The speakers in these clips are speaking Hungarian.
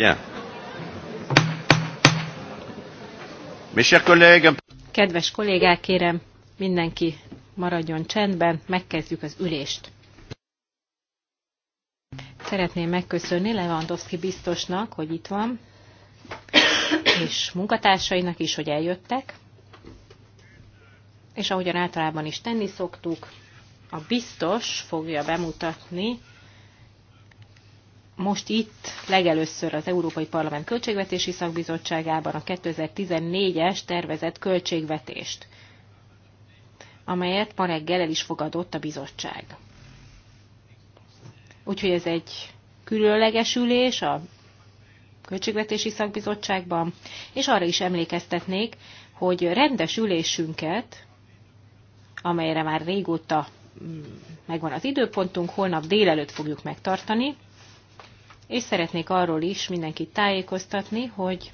Bien. Mes chers collègues. Kedves kollégák, kérem, mindenki maradjon csendben, megkezdjük az ülést. Szeretném megköszönni Lewandowski biztosnak, hogy itt van, és munkatársainak is, hogy eljöttek. És ahogyan általában is tenni szoktuk, a biztos fogja bemutatni most itt legelőször az Európai Parlament Költségvetési Szakbizottságában a 2014-es tervezett költségvetést, amelyet ma reggel el is fogadott a bizottság. Úgyhogy ez egy különleges ülés a Költségvetési Szakbizottságban, és arra is emlékeztetnék, hogy rendes ülésünket, amelyre már régóta mm, megvan az időpontunk, holnap délelőtt fogjuk megtartani, és szeretnék arról is mindenkit tájékoztatni, hogy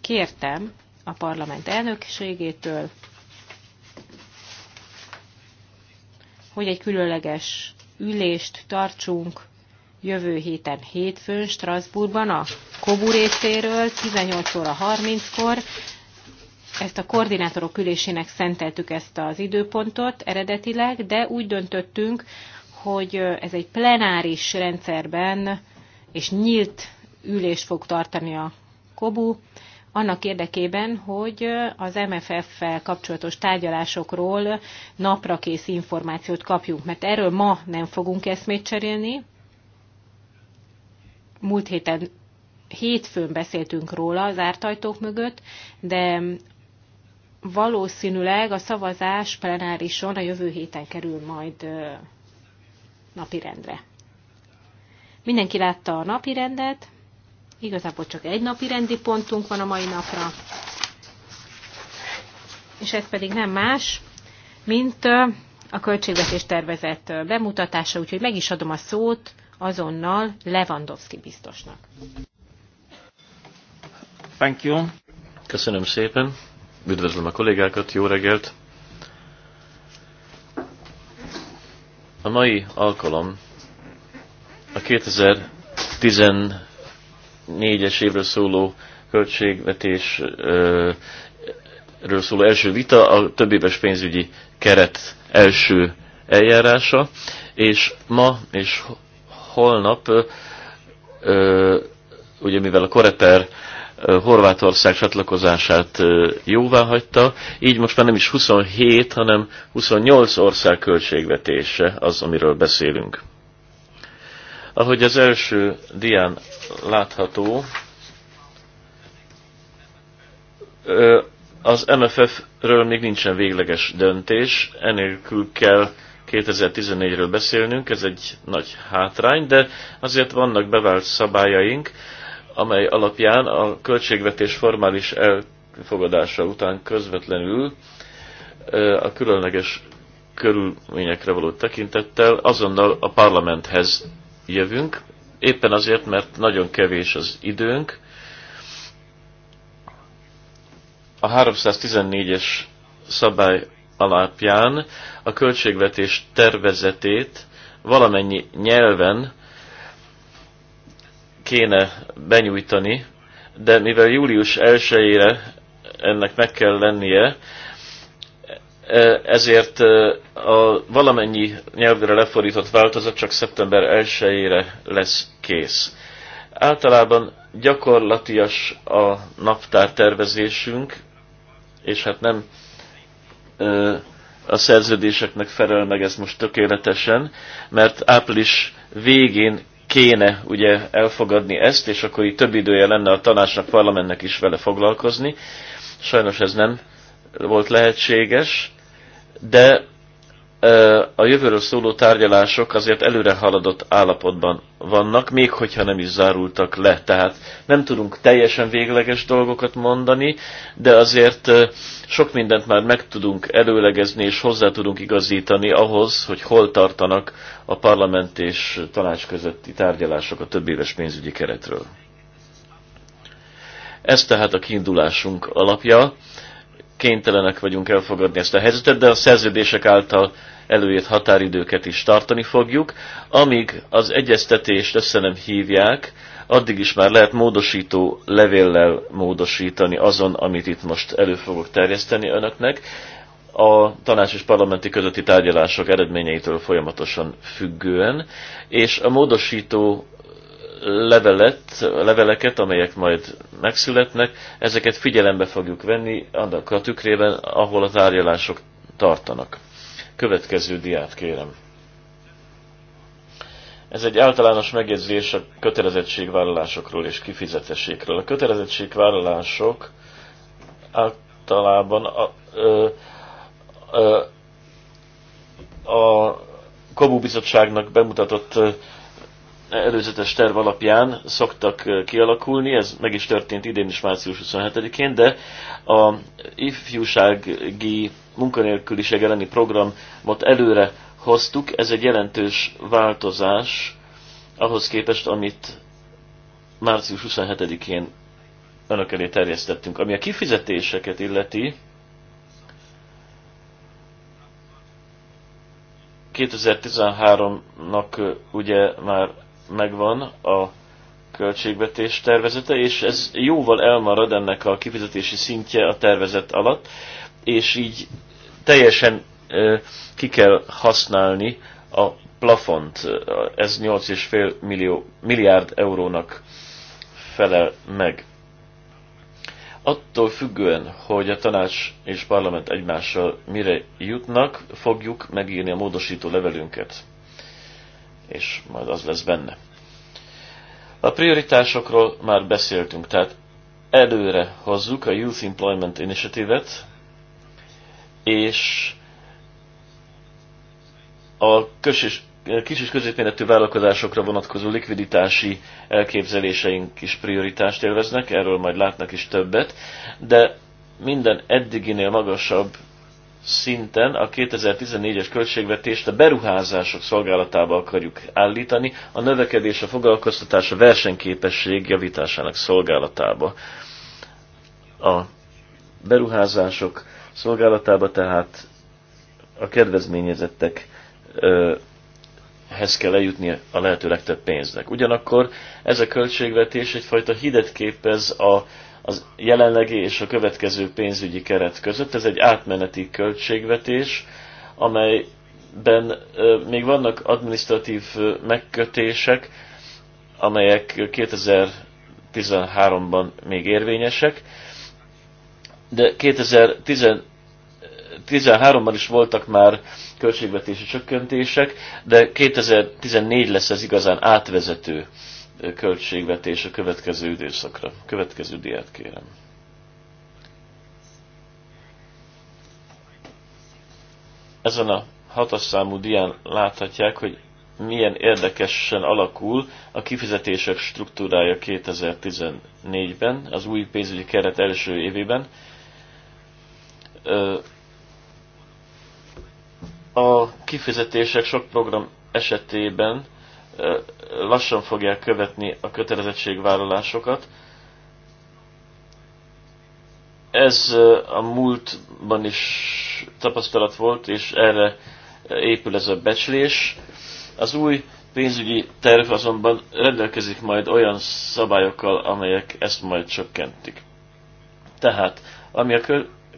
kértem a parlament elnökségétől, hogy egy különleges ülést tartsunk jövő héten hétfőn Strasbourgban a Kobu részéről 18 óra 30-kor. Ezt a koordinátorok ülésének szenteltük ezt az időpontot eredetileg, de úgy döntöttünk, hogy ez egy plenáris rendszerben és nyílt ülést fog tartani a KOBU, annak érdekében, hogy az MFF-fel kapcsolatos tárgyalásokról naprakész információt kapjunk, mert erről ma nem fogunk eszmét cserélni. Múlt héten hétfőn beszéltünk róla az ártajtók mögött, de valószínűleg a szavazás plenárison a jövő héten kerül majd napirendre. Mindenki látta a napirendet, igazából csak egy napirendi pontunk van a mai napra, és ez pedig nem más, mint a költségvetés tervezett bemutatása, úgyhogy meg is adom a szót azonnal Lewandowski biztosnak. Thank you. Köszönöm szépen. Üdvözlöm a kollégákat, jó reggelt. A mai alkalom a 2014-es évről szóló költségvetésről szóló első vita, a éves pénzügyi keret első eljárása, és ma és holnap, ugye mivel a Koreper Horvátország csatlakozását jóvá hagyta, így most már nem is 27, hanem 28 ország költségvetése az, amiről beszélünk. Ahogy az első dián látható, az MFF-ről még nincsen végleges döntés, enélkül kell 2014-ről beszélnünk, ez egy nagy hátrány, de azért vannak bevált szabályaink, amely alapján a költségvetés formális elfogadása után közvetlenül a különleges körülményekre való tekintettel azonnal a parlamenthez jövünk, éppen azért, mert nagyon kevés az időnk. A 314-es szabály alapján a költségvetés tervezetét valamennyi nyelven kéne benyújtani, de mivel július 1-ére ennek meg kell lennie, e, ezért e, a valamennyi nyelvre lefordított változat csak szeptember 1-ére lesz kész. Általában gyakorlatias a naptár tervezésünk, és hát nem e, a szerződéseknek felel meg ez most tökéletesen, mert április végén kéne ugye elfogadni ezt, és akkor így több idője lenne a tanácsnak, parlamentnek is vele foglalkozni. Sajnos ez nem volt lehetséges, de a jövőről szóló tárgyalások azért előre haladott állapotban vannak, még hogyha nem is zárultak le. Tehát nem tudunk teljesen végleges dolgokat mondani, de azért sok mindent már meg tudunk előlegezni és hozzá tudunk igazítani ahhoz, hogy hol tartanak a parlament és tanács közötti tárgyalások a több éves pénzügyi keretről. Ez tehát a kiindulásunk alapja kénytelenek vagyunk elfogadni ezt a helyzetet, de a szerződések által előírt határidőket is tartani fogjuk. Amíg az egyeztetést össze nem hívják, addig is már lehet módosító levéllel módosítani azon, amit itt most elő fogok terjeszteni önöknek. A tanács és parlamenti közötti tárgyalások eredményeitől folyamatosan függően, és a módosító levelet, leveleket, amelyek majd megszületnek, ezeket figyelembe fogjuk venni annak a tükrében, ahol a tárgyalások tartanak következő diát kérem. Ez egy általános megjegyzés a kötelezettségvállalásokról és kifizetésékről. A kötelezettségvállalások általában a, a, ö, a Kobú Bizottságnak bemutatott előzetes terv alapján szoktak kialakulni, ez meg is történt idén is március 27-én, de a ifjúsági munkanélküliség elleni programot előre hoztuk. Ez egy jelentős változás ahhoz képest, amit március 27-én önök elé terjesztettünk. Ami a kifizetéseket illeti, 2013-nak ugye már megvan a költségvetés tervezete, és ez jóval elmarad ennek a kifizetési szintje a tervezet alatt és így teljesen ki kell használni a plafont. Ez 8,5 millió, milliárd eurónak felel meg. Attól függően, hogy a tanács és parlament egymással mire jutnak, fogjuk megírni a módosító levelünket. És majd az lesz benne. A prioritásokról már beszéltünk, tehát előre hozzuk a Youth Employment Initiative-et, és a kös és, kis és középméretű vállalkozásokra vonatkozó likviditási elképzeléseink is prioritást élveznek, erről majd látnak is többet, de minden eddiginél magasabb szinten a 2014-es költségvetést a beruházások szolgálatába akarjuk állítani, a növekedés, a foglalkoztatás, a versenyképesség javításának szolgálatába. A beruházások szolgálatába, tehát a kedvezményezettekhez kell eljutni a lehető legtöbb pénznek. Ugyanakkor ez a költségvetés egyfajta hidet képez a, az jelenlegi és a következő pénzügyi keret között. Ez egy átmeneti költségvetés, amelyben még vannak administratív megkötések, amelyek 2013-ban még érvényesek, de 2013-ban is voltak már költségvetési csökkentések, de 2014 lesz ez igazán átvezető költségvetés a következő időszakra. Következő diát kérem. Ezen a hatas számú dián láthatják, hogy milyen érdekesen alakul a kifizetések struktúrája 2014-ben, az új pénzügyi keret első évében a kifizetések sok program esetében lassan fogják követni a kötelezettségvállalásokat. Ez a múltban is tapasztalat volt, és erre épül ez a becslés. Az új pénzügyi terv azonban rendelkezik majd olyan szabályokkal, amelyek ezt majd csökkentik. Tehát, ami a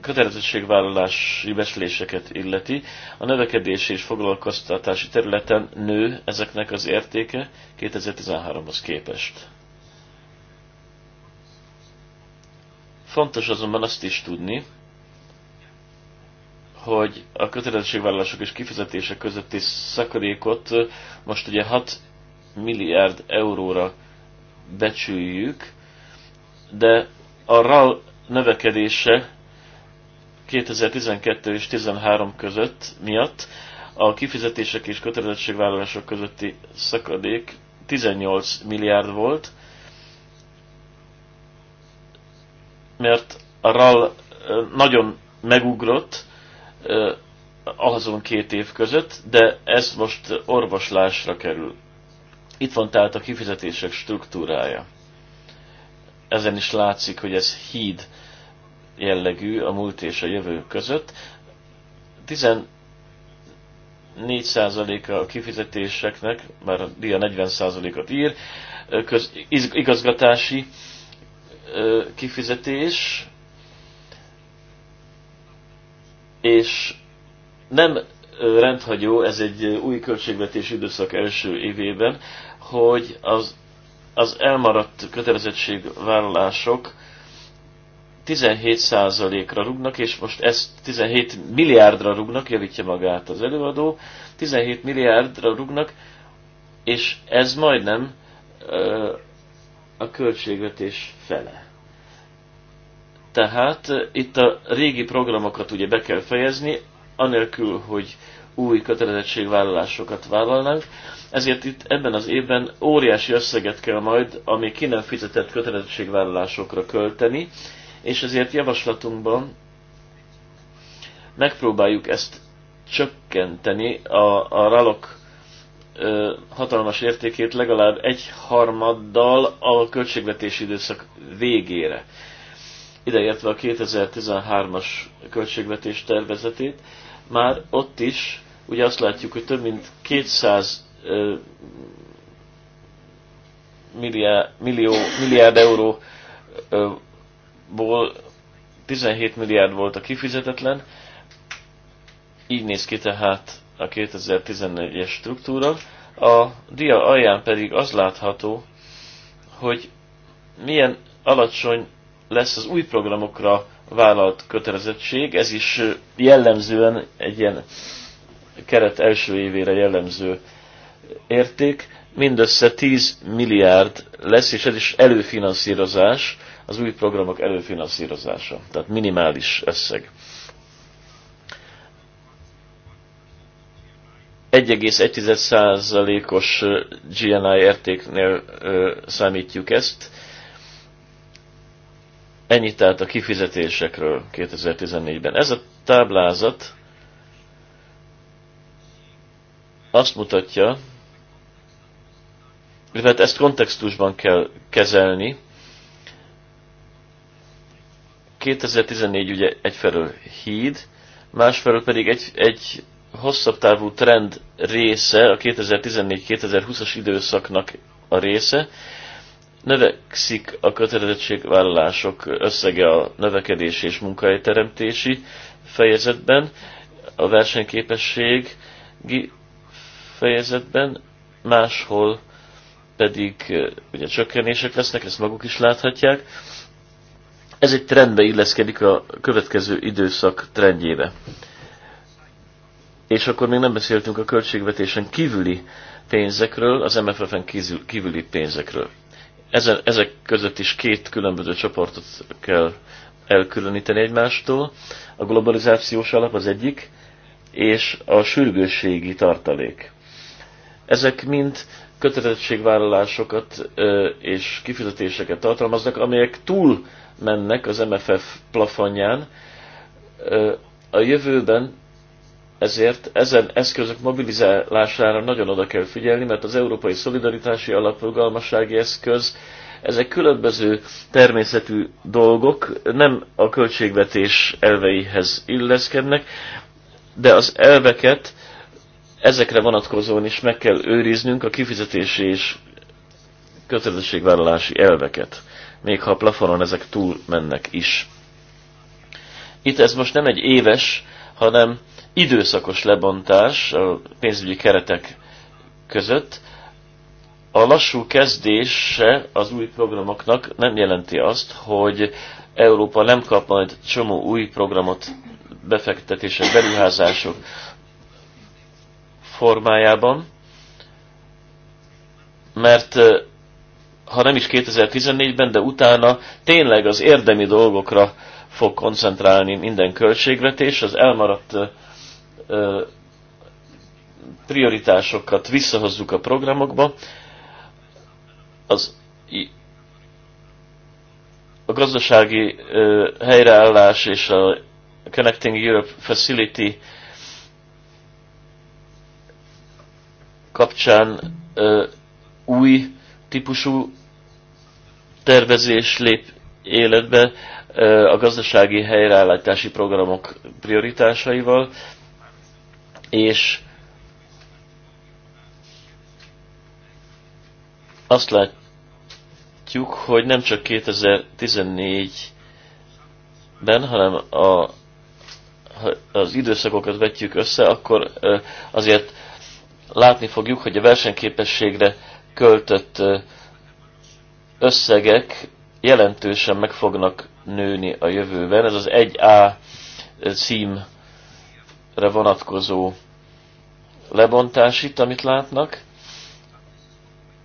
kötelezettségvállalási beszéléseket illeti, a növekedési és foglalkoztatási területen nő ezeknek az értéke 2013-hoz képest. Fontos azonban azt is tudni, hogy a kötelezettségvállalások és kifizetések közötti szakadékot most ugye 6 milliárd euróra becsüljük, de a RAL növekedése 2012 és 13 között miatt a kifizetések és kötelezettségvállalások közötti szakadék 18 milliárd volt, mert a RAL nagyon megugrott azon két év között, de ez most orvoslásra kerül. Itt van tehát a kifizetések struktúrája. Ezen is látszik, hogy ez híd jellegű a múlt és a jövő között. 14%-a a kifizetéseknek, már a DIA 40 ot ír, köz, igazgatási kifizetés, és nem rendhagyó, ez egy új költségvetési időszak első évében, hogy az, az elmaradt kötelezettségvállalások 17%-ra rugnak, és most ezt 17 milliárdra rugnak, javítja magát az előadó, 17 milliárdra rugnak, és ez majdnem ö, a költségvetés fele. Tehát itt a régi programokat ugye be kell fejezni, anélkül, hogy új kötelezettségvállalásokat vállalnánk, ezért itt ebben az évben óriási összeget kell majd, ami ki nem fizetett kötelezettségvállalásokra költeni, és ezért javaslatunkban megpróbáljuk ezt csökkenteni, a, a ralok ö, hatalmas értékét legalább egy harmaddal a költségvetési időszak végére, ideértve a 2013-as költségvetés tervezetét, már ott is ugye azt látjuk, hogy több mint 200 ö, milliárd, millió, milliárd euró ö, ból 17 milliárd volt a kifizetetlen, így néz ki tehát a 2014-es struktúra. A dia alján pedig az látható, hogy milyen alacsony lesz az új programokra vállalt kötelezettség, ez is jellemzően egy ilyen keret első évére jellemző érték, mindössze 10 milliárd lesz, és ez is előfinanszírozás, az új programok előfinanszírozása, tehát minimális összeg. 1,1%-os GNI értéknél számítjuk ezt. Ennyi tehát a kifizetésekről 2014-ben. Ez a táblázat azt mutatja, mert ezt kontextusban kell kezelni, 2014 ugye egyfelől híd, másfelől pedig egy, egy hosszabb távú trend része, a 2014-2020-as időszaknak a része, növekszik a kötelezettségvállalások összege a növekedés és munkahelyteremtési fejezetben, a versenyképesség fejezetben, máshol pedig ugye csökkenések lesznek, ezt maguk is láthatják. Ez egy trendbe illeszkedik a következő időszak trendjébe. És akkor még nem beszéltünk a költségvetésen kívüli pénzekről, az MFF-en kívüli pénzekről. Ezen, ezek között is két különböző csoportot kell elkülöníteni egymástól. A globalizációs alap az egyik, és a sürgősségi tartalék. Ezek mind kötelezettségvállalásokat és kifizetéseket tartalmaznak, amelyek túl mennek az MFF plafonján. A jövőben ezért ezen eszközök mobilizálására nagyon oda kell figyelni, mert az Európai Szolidaritási Alaprugalmassági Eszköz, ezek különböző természetű dolgok, nem a költségvetés elveihez illeszkednek, de az elveket ezekre vonatkozóan is meg kell őriznünk a kifizetési és kötelezettségvállalási elveket, még ha a plafonon ezek túl mennek is. Itt ez most nem egy éves, hanem időszakos lebontás a pénzügyi keretek között. A lassú kezdése az új programoknak nem jelenti azt, hogy Európa nem kap majd csomó új programot, befektetések, beruházások, formájában, mert ha nem is 2014-ben, de utána tényleg az érdemi dolgokra fog koncentrálni minden költségvetés, az elmaradt prioritásokat visszahozzuk a programokba, az a gazdasági helyreállás és a Connecting Europe Facility kapcsán ö, új típusú tervezés lép életbe ö, a gazdasági helyreállítási programok prioritásaival, és azt látjuk, hogy nem csak 2014-ben, hanem a, ha az időszakokat vetjük össze, akkor azért látni fogjuk, hogy a versenyképességre költött összegek jelentősen meg fognak nőni a jövőben. Ez az 1A címre vonatkozó lebontás itt, amit látnak.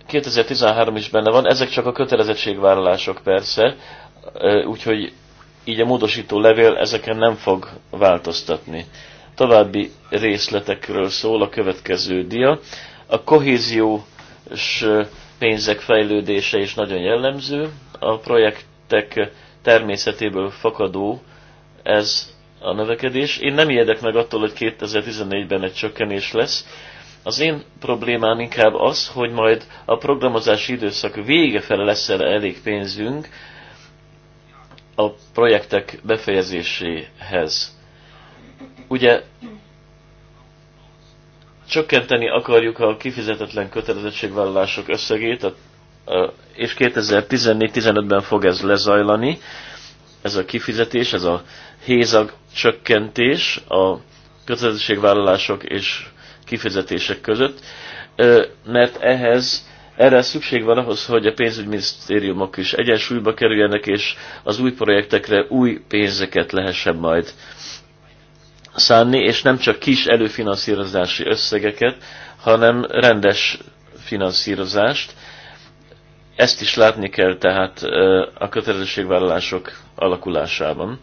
2013 is benne van, ezek csak a kötelezettségvállalások persze, úgyhogy így a módosító levél ezeken nem fog változtatni további részletekről szól a következő dia. A kohéziós pénzek fejlődése is nagyon jellemző. A projektek természetéből fakadó ez a növekedés. Én nem ijedek meg attól, hogy 2014-ben egy csökkenés lesz. Az én problémám inkább az, hogy majd a programozási időszak vége fele lesz elég pénzünk a projektek befejezéséhez. Ugye csökkenteni akarjuk a kifizetetlen kötelezettségvállalások összegét, és 2014-15-ben fog ez lezajlani, ez a kifizetés, ez a hézag csökkentés a kötelezettségvállalások és kifizetések között, mert ehhez erre szükség van ahhoz, hogy a pénzügyminisztériumok is egyensúlyba kerüljenek, és az új projektekre új pénzeket lehessen majd szánni, és nem csak kis előfinanszírozási összegeket, hanem rendes finanszírozást. Ezt is látni kell tehát a kötelezettségvállalások alakulásában.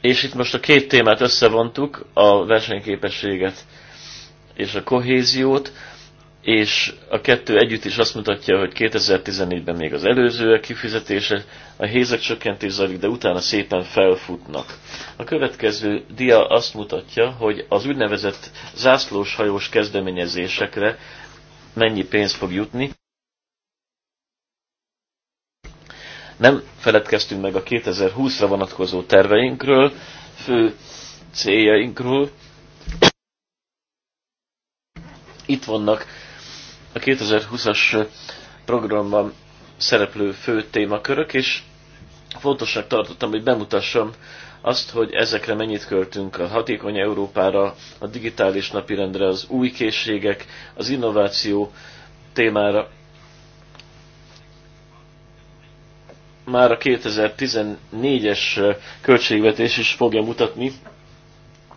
És itt most a két témát összevontuk, a versenyképességet és a kohéziót és a kettő együtt is azt mutatja, hogy 2014-ben még az előzőek kifizetése, a hézek csökkentés zajlik, de utána szépen felfutnak. A következő dia azt mutatja, hogy az úgynevezett zászlós hajós kezdeményezésekre mennyi pénz fog jutni. Nem feledkeztünk meg a 2020-ra vonatkozó terveinkről, fő céljainkról. Itt vannak a 2020-as programban szereplő fő témakörök, és fontosnak tartottam, hogy bemutassam azt, hogy ezekre mennyit költünk a hatékony Európára, a digitális napirendre, az új készségek, az innováció témára. Már a 2014-es költségvetés is fogja mutatni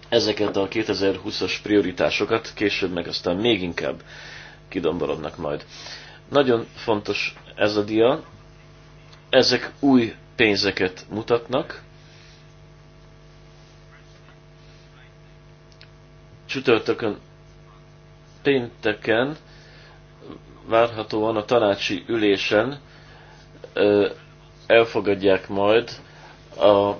ezeket a 2020-as prioritásokat, később meg aztán még inkább kidomborodnak majd. Nagyon fontos ez a dia. Ezek új pénzeket mutatnak. Csütörtökön, pénteken, várhatóan a tanácsi ülésen elfogadják majd a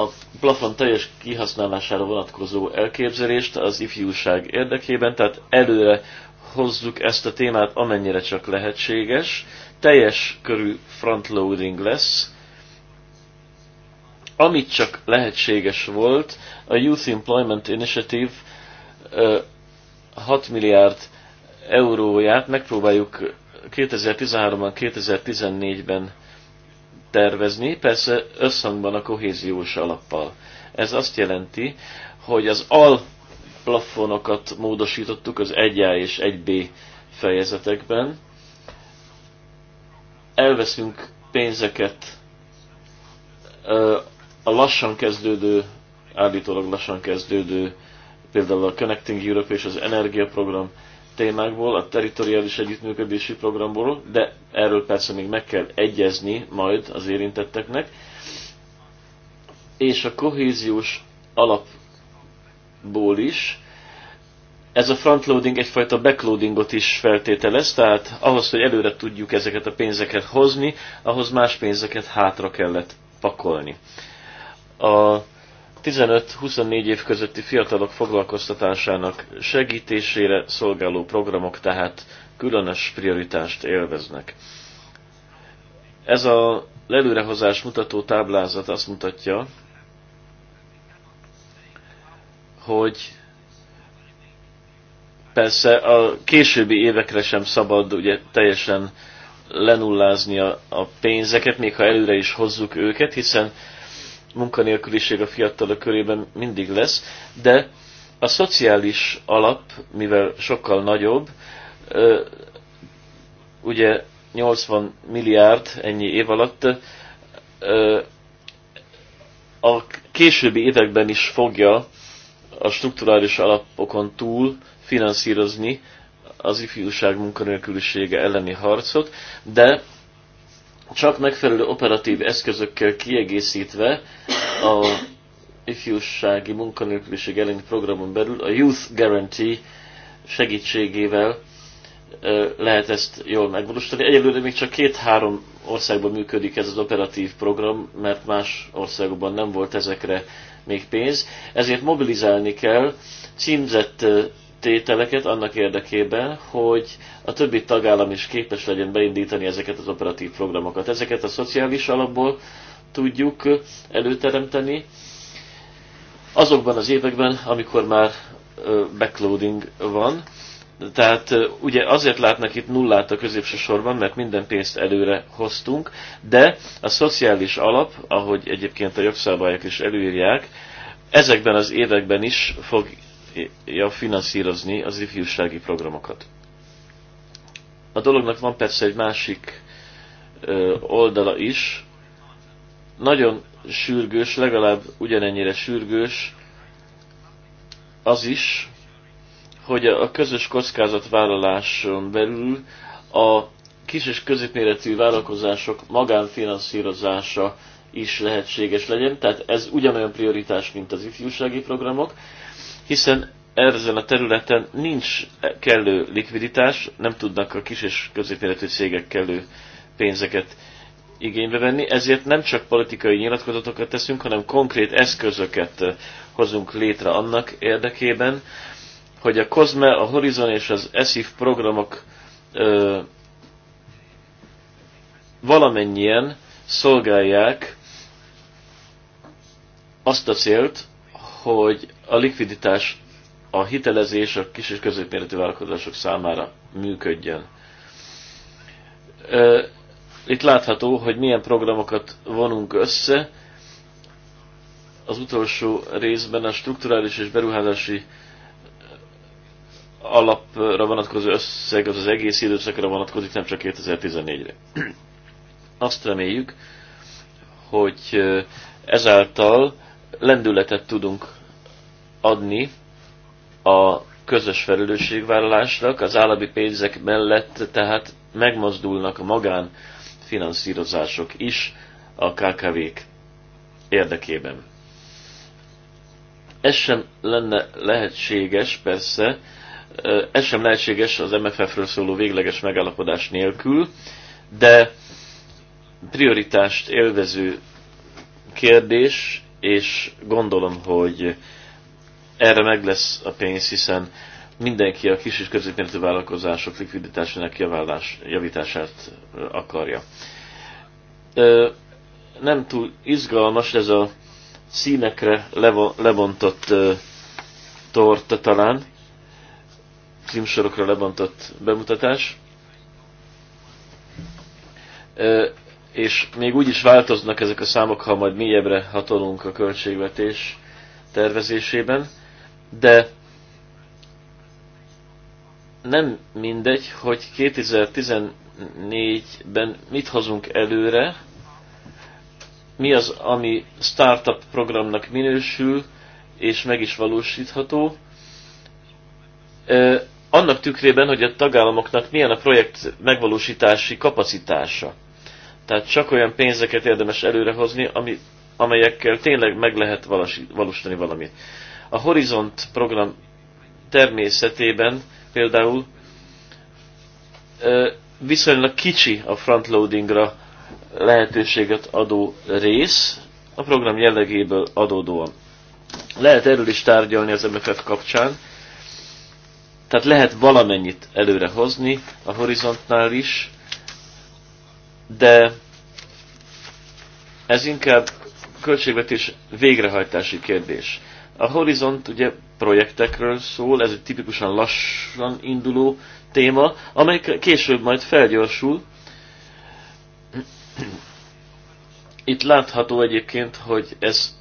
a plafon teljes kihasználására vonatkozó elképzelést az ifjúság érdekében, tehát előre hozzuk ezt a témát amennyire csak lehetséges. Teljes körű frontloading lesz. Amit csak lehetséges volt, a Youth Employment Initiative 6 milliárd euróját megpróbáljuk 2013-ban, 2014-ben tervezni, persze összhangban a kohéziós alappal. Ez azt jelenti, hogy az alplafonokat módosítottuk az 1A és 1B fejezetekben. Elveszünk pénzeket a lassan kezdődő, állítólag lassan kezdődő, például a Connecting Europe és az energiaprogram témákból, a teritoriális együttműködési programból, de erről persze még meg kell egyezni majd az érintetteknek, és a kohéziós alapból is. Ez a frontloading egyfajta backloadingot is feltételez, tehát ahhoz, hogy előre tudjuk ezeket a pénzeket hozni, ahhoz más pénzeket hátra kellett pakolni. A 15-24 év közötti fiatalok foglalkoztatásának segítésére szolgáló programok tehát különös prioritást élveznek. Ez a lelőrehozás mutató táblázat azt mutatja, hogy persze a későbbi évekre sem szabad ugye teljesen lenullázni a, a pénzeket, még ha előre is hozzuk őket, hiszen munkanélküliség a fiatalok körében mindig lesz, de a szociális alap, mivel sokkal nagyobb, ugye 80 milliárd ennyi év alatt, a későbbi években is fogja a strukturális alapokon túl finanszírozni az ifjúság munkanélkülisége elleni harcot, de csak megfelelő operatív eszközökkel kiegészítve a ifjúsági munkanélküliség elleni programon belül a Youth Guarantee segítségével lehet ezt jól megvalósítani. Egyelőre még csak két-három országban működik ez az operatív program, mert más országokban nem volt ezekre még pénz. Ezért mobilizálni kell címzett tételeket annak érdekében, hogy a többi tagállam is képes legyen beindítani ezeket az operatív programokat. Ezeket a szociális alapból tudjuk előteremteni azokban az években, amikor már backloading van. Tehát ugye azért látnak itt nullát a középső sorban, mert minden pénzt előre hoztunk, de a szociális alap, ahogy egyébként a jogszabályok is előírják, ezekben az években is fog akarja finanszírozni az ifjúsági programokat. A dolognak van persze egy másik oldala is. Nagyon sürgős, legalább ugyanennyire sürgős az is, hogy a közös kockázatvállaláson belül a kis és középméretű vállalkozások magánfinanszírozása is lehetséges legyen, tehát ez ugyanolyan prioritás, mint az ifjúsági programok, hiszen ezen a területen nincs kellő likviditás, nem tudnak a kis és középéletű cégek kellő pénzeket igénybe venni, ezért nem csak politikai nyilatkozatokat teszünk, hanem konkrét eszközöket eh, hozunk létre annak érdekében, hogy a COSME, a Horizon és az ESIF programok ö, eh, valamennyien szolgálják azt a célt, hogy a likviditás, a hitelezés a kis és középméretű vállalkozások számára működjön. Itt látható, hogy milyen programokat vonunk össze. Az utolsó részben a strukturális és beruházási alapra vonatkozó összeg az az egész időszakra vonatkozik, nem csak 2014-re. Azt reméljük, hogy ezáltal lendületet tudunk adni a közös felelősségvállalásnak, az állami pénzek mellett tehát megmozdulnak a magán finanszírozások is a KKV-k érdekében. Ez sem lenne lehetséges, persze, ez sem lehetséges az MFF-ről szóló végleges megállapodás nélkül, de prioritást élvező kérdés, és gondolom, hogy erre meg lesz a pénz, hiszen mindenki a kis és középméretű vállalkozások likviditásának javítását akarja. Nem túl izgalmas ez a színekre lebontott torta talán, címsorokra lebontott bemutatás. És még úgy is változnak ezek a számok, ha majd mélyebbre hatolunk a költségvetés tervezésében de nem mindegy, hogy 2014-ben mit hozunk előre, mi az, ami startup programnak minősül, és meg is valósítható. Annak tükrében, hogy a tagállamoknak milyen a projekt megvalósítási kapacitása. Tehát csak olyan pénzeket érdemes előrehozni, ami, amelyekkel tényleg meg lehet valósítani valamit. A Horizont program természetében például viszonylag kicsi a frontloadingra lehetőséget adó rész, a program jellegéből adódóan. Lehet erről is tárgyalni az MFF kapcsán, tehát lehet valamennyit előre hozni a horizontnál is, de ez inkább költségvetés végrehajtási kérdés. A Horizont ugye projektekről szól, ez egy tipikusan lassan induló téma, amely később majd felgyorsul. Itt látható egyébként, hogy ez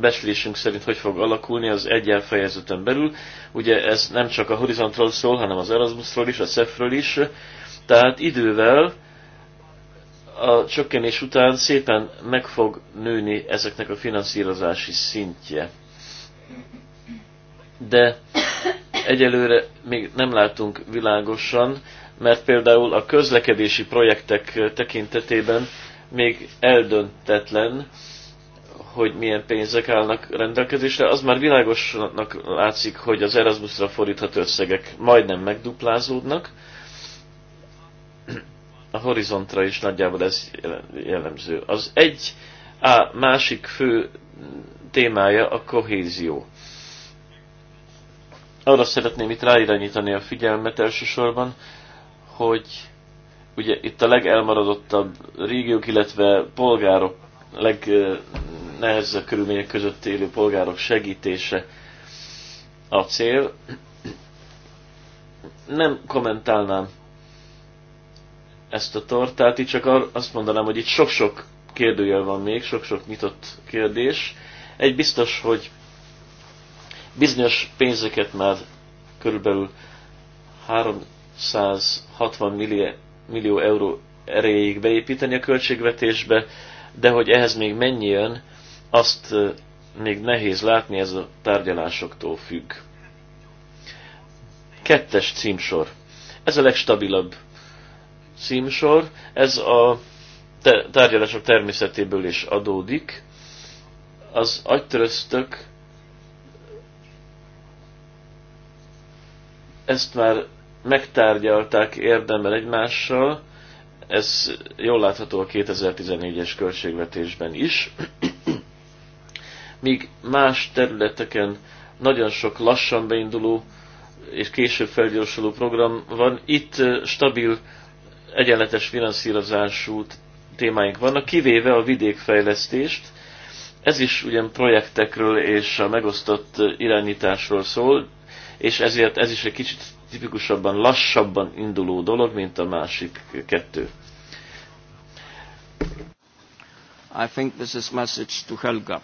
beszélésünk szerint hogy fog alakulni az egyen fejezeten belül. Ugye ez nem csak a Horizontról szól, hanem az Erasmusról is, a CEF-ről is. Tehát idővel a csökkenés után szépen meg fog nőni ezeknek a finanszírozási szintje. De egyelőre még nem látunk világosan, mert például a közlekedési projektek tekintetében még eldöntetlen, hogy milyen pénzek állnak rendelkezésre. Az már világosnak látszik, hogy az Erasmusra fordítható összegek majdnem megduplázódnak, a horizontra is nagyjából ez jellemző. Az egy a másik fő témája a kohézió. Arra szeretném itt ráirányítani a figyelmet elsősorban, hogy ugye itt a legelmaradottabb régiók, illetve polgárok, legnehezebb körülmények között élő polgárok segítése a cél. Nem kommentálnám ezt a tortát, itt csak azt mondanám, hogy itt sok-sok kérdőjel van még, sok-sok nyitott kérdés. Egy biztos, hogy bizonyos pénzeket már körülbelül 360 millió, millió euró erejéig beépíteni a költségvetésbe, de hogy ehhez még mennyi jön, azt még nehéz látni, ez a tárgyalásoktól függ. Kettes címsor. Ez a legstabilabb címsor. Ez a tárgyalások természetéből is adódik. Az agytöröztök ezt már megtárgyalták érdemben egymással, ez jól látható a 2014-es költségvetésben is. Míg más területeken nagyon sok lassan beinduló és később felgyorsuló program van, itt stabil egyenletes finanszírozású témáink vannak, kivéve a vidékfejlesztést. Ez is ugyan projektekről és a megosztott irányításról szól, és ezért ez is egy kicsit tipikusabban, lassabban induló dolog, mint a másik kettő. I think this is message to Helga.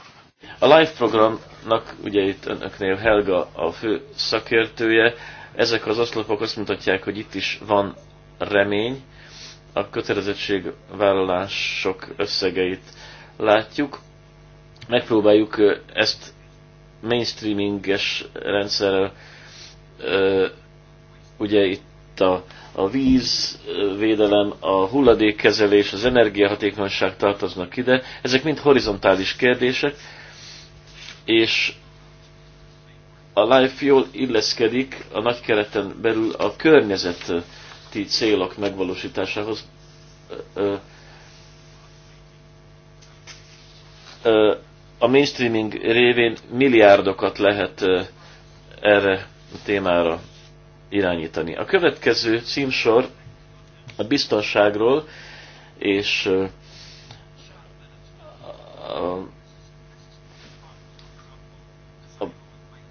A LIFE programnak, ugye itt önöknél Helga a fő szakértője, ezek az oszlopok azt mutatják, hogy itt is van remény, a kötelezettségvállalások összegeit látjuk. Megpróbáljuk ezt mainstreaminges rendszerrel, ugye itt a, a vízvédelem, a hulladékkezelés, az energiahatékonyság tartoznak ide. Ezek mind horizontális kérdések, és a Life Fuel illeszkedik a nagy kereten belül a környezet közötti célok megvalósításához ö, ö, a mainstreaming révén milliárdokat lehet ö, erre a témára irányítani. A következő címsor a biztonságról és ö, a,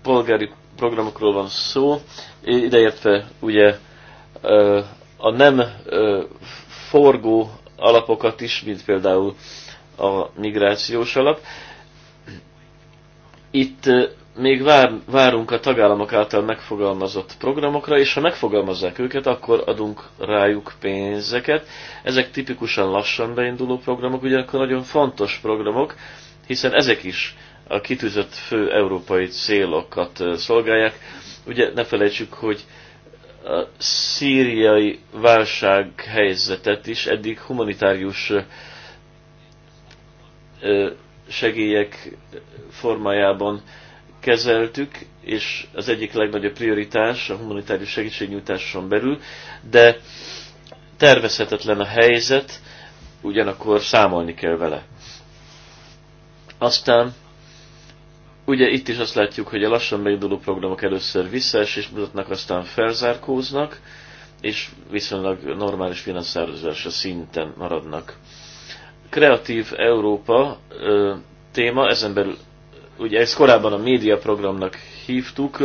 polgári programokról van szó, ideértve ugye a nem forgó alapokat is, mint például a migrációs alap. Itt még vár, várunk a tagállamok által megfogalmazott programokra, és ha megfogalmazzák őket, akkor adunk rájuk pénzeket. Ezek tipikusan lassan beinduló programok, ugyanakkor nagyon fontos programok, hiszen ezek is a kitűzött fő európai célokat szolgálják. Ugye ne felejtsük, hogy a szíriai helyzetet is eddig humanitárius segélyek formájában kezeltük, és az egyik legnagyobb prioritás a humanitárius segítségnyújtáson belül, de tervezhetetlen a helyzet, ugyanakkor számolni kell vele. Aztán Ugye itt is azt látjuk, hogy a lassan megduló programok először és mutatnak, aztán felzárkóznak, és viszonylag normális finanszírozása szinten maradnak. Kreatív Európa ö, téma, ezen belül, ugye ezt korábban a média programnak hívtuk,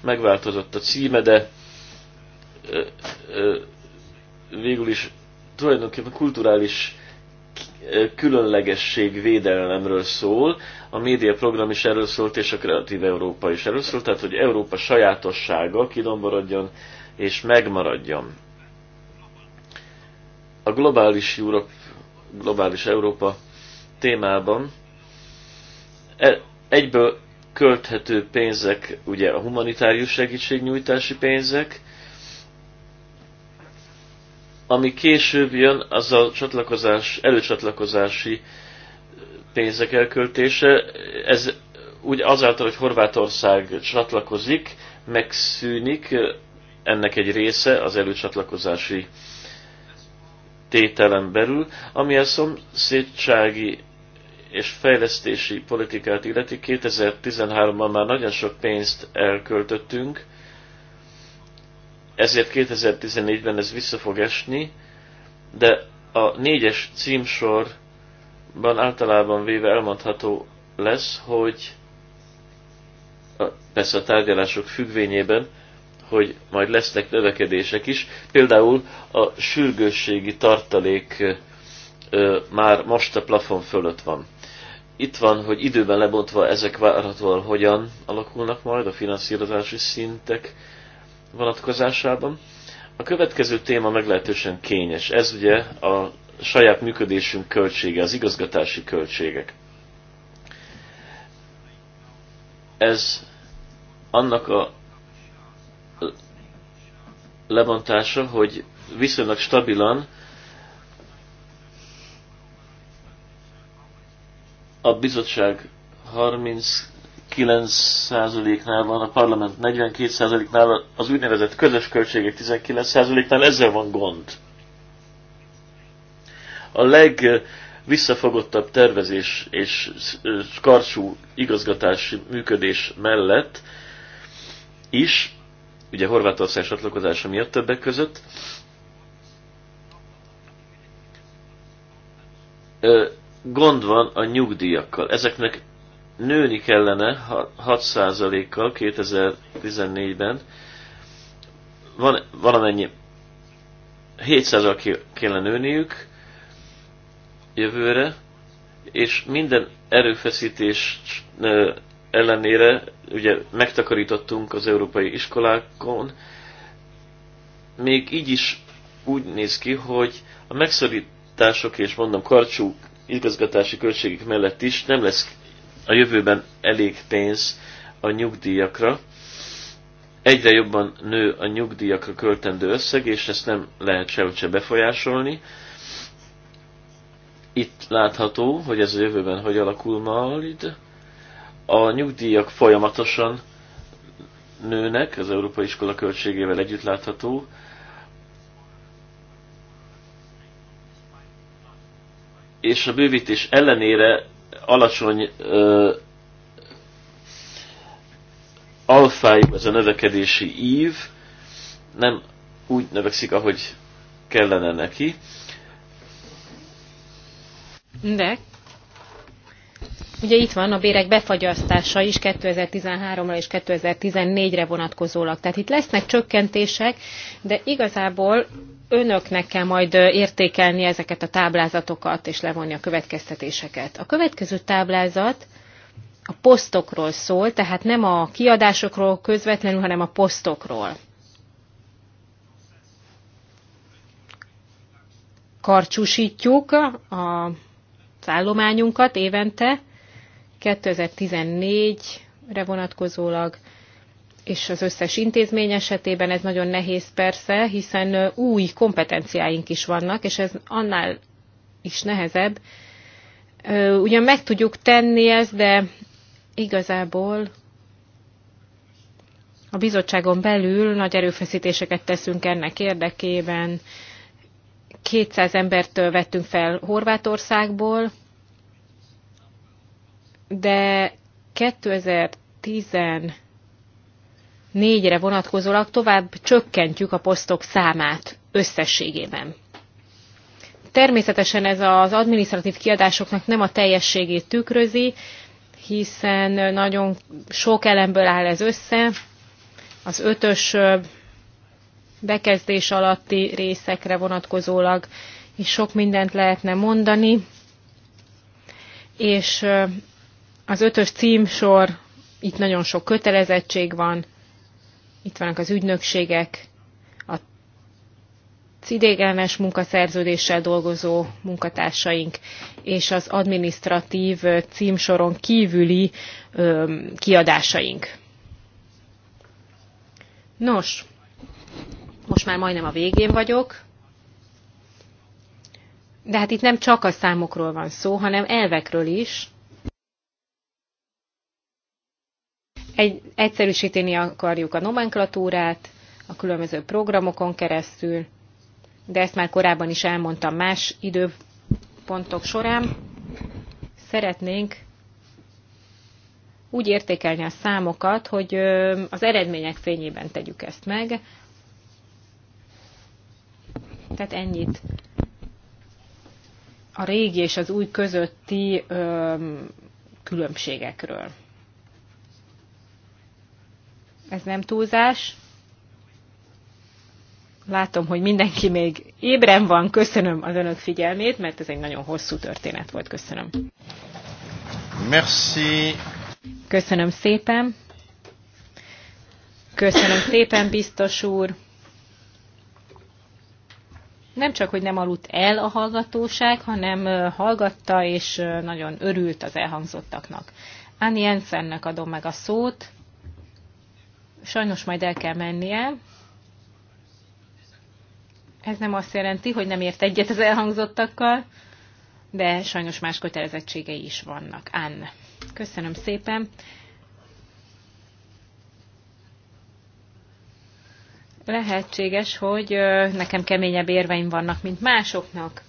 megváltozott a címe, de ö, ö, végül is tulajdonképpen kulturális különlegesség védelemről szól, a médiaprogram is erről szólt, és a Kreatív Európa is erről szólt, tehát hogy Európa sajátossága kidomborodjon és megmaradjon. A globális, Europe, globális Európa témában e, egyből költhető pénzek, ugye a humanitárius segítségnyújtási pénzek, ami később jön, az a csatlakozás, előcsatlakozási pénzek elköltése. Ez úgy azáltal, hogy Horvátország csatlakozik, megszűnik ennek egy része az előcsatlakozási tételen belül, ami a szomszédsági és fejlesztési politikát illeti. 2013-ban már nagyon sok pénzt elköltöttünk, ezért 2014-ben ez vissza fog esni, de a négyes címsorban általában véve elmondható lesz, hogy a, persze a tárgyalások függvényében, hogy majd lesznek növekedések is. Például a sürgősségi tartalék ö, már most a plafon fölött van. Itt van, hogy időben lebontva ezek várhatóan hogyan alakulnak majd a finanszírozási szintek, vonatkozásában. A következő téma meglehetősen kényes. Ez ugye a saját működésünk költsége, az igazgatási költségek. Ez annak a lebontása, hogy viszonylag stabilan a bizottság 30 9%-nál van, a parlament 42%-nál, az úgynevezett közös költségek 19%-nál, ezzel van gond. A legvisszafogottabb tervezés és karcsú igazgatási működés mellett is, ugye Horvátország csatlakozása miatt többek között, gond van a nyugdíjakkal. Ezeknek nőni kellene 6%-kal 2014-ben, van valamennyi 7%-kal kéne nőniük jövőre, és minden erőfeszítés ellenére, ugye megtakarítottunk az európai iskolákon, még így is úgy néz ki, hogy a megszorítások és mondom karcsú igazgatási költségek mellett is nem lesz a jövőben elég pénz a nyugdíjakra. Egyre jobban nő a nyugdíjakra költendő összeg, és ezt nem lehet sehogy se befolyásolni. Itt látható, hogy ez a jövőben hogy alakul majd. A nyugdíjak folyamatosan nőnek, az európai iskola költségével együtt látható. És a bővítés ellenére alacsony uh, alfájú ez a növekedési ív, nem úgy növekszik, ahogy kellene neki. De Ugye itt van a bérek befagyasztása is 2013-ra és 2014-re vonatkozólag. Tehát itt lesznek csökkentések, de igazából önöknek kell majd értékelni ezeket a táblázatokat és levonni a következtetéseket. A következő táblázat a posztokról szól, tehát nem a kiadásokról közvetlenül, hanem a posztokról. Karcsúsítjuk a szállományunkat évente, 2014-re vonatkozólag, és az összes intézmény esetében ez nagyon nehéz persze, hiszen új kompetenciáink is vannak, és ez annál is nehezebb. Ugyan meg tudjuk tenni ezt, de igazából a bizottságon belül nagy erőfeszítéseket teszünk ennek érdekében. 200 embert vettünk fel Horvátországból, de 2014-re vonatkozólag tovább csökkentjük a posztok számát összességében. Természetesen ez az adminisztratív kiadásoknak nem a teljességét tükrözi, hiszen nagyon sok elemből áll ez össze. Az ötös bekezdés alatti részekre vonatkozólag is sok mindent lehetne mondani, és az ötös címsor, itt nagyon sok kötelezettség van, itt vannak az ügynökségek, a cidégelmes munkaszerződéssel dolgozó munkatársaink, és az administratív címsoron kívüli ö, kiadásaink. Nos, most már majdnem a végén vagyok, de hát itt nem csak a számokról van szó, hanem elvekről is, Egy, egyszerűsíteni akarjuk a nomenklatúrát a különböző programokon keresztül, de ezt már korábban is elmondtam más időpontok során. Szeretnénk úgy értékelni a számokat, hogy az eredmények fényében tegyük ezt meg. Tehát ennyit a régi és az új közötti különbségekről. Ez nem túlzás. Látom, hogy mindenki még ébren van. Köszönöm az önök figyelmét, mert ez egy nagyon hosszú történet volt. Köszönöm. Merci. Köszönöm szépen. Köszönöm szépen, biztos úr. Nem csak, hogy nem aludt el a hallgatóság, hanem hallgatta és nagyon örült az elhangzottaknak. Annie Jensennek adom meg a szót sajnos majd el kell mennie. Ez nem azt jelenti, hogy nem ért egyet az elhangzottakkal, de sajnos más kötelezettségei is vannak. Anne, köszönöm szépen. Lehetséges, hogy nekem keményebb érveim vannak, mint másoknak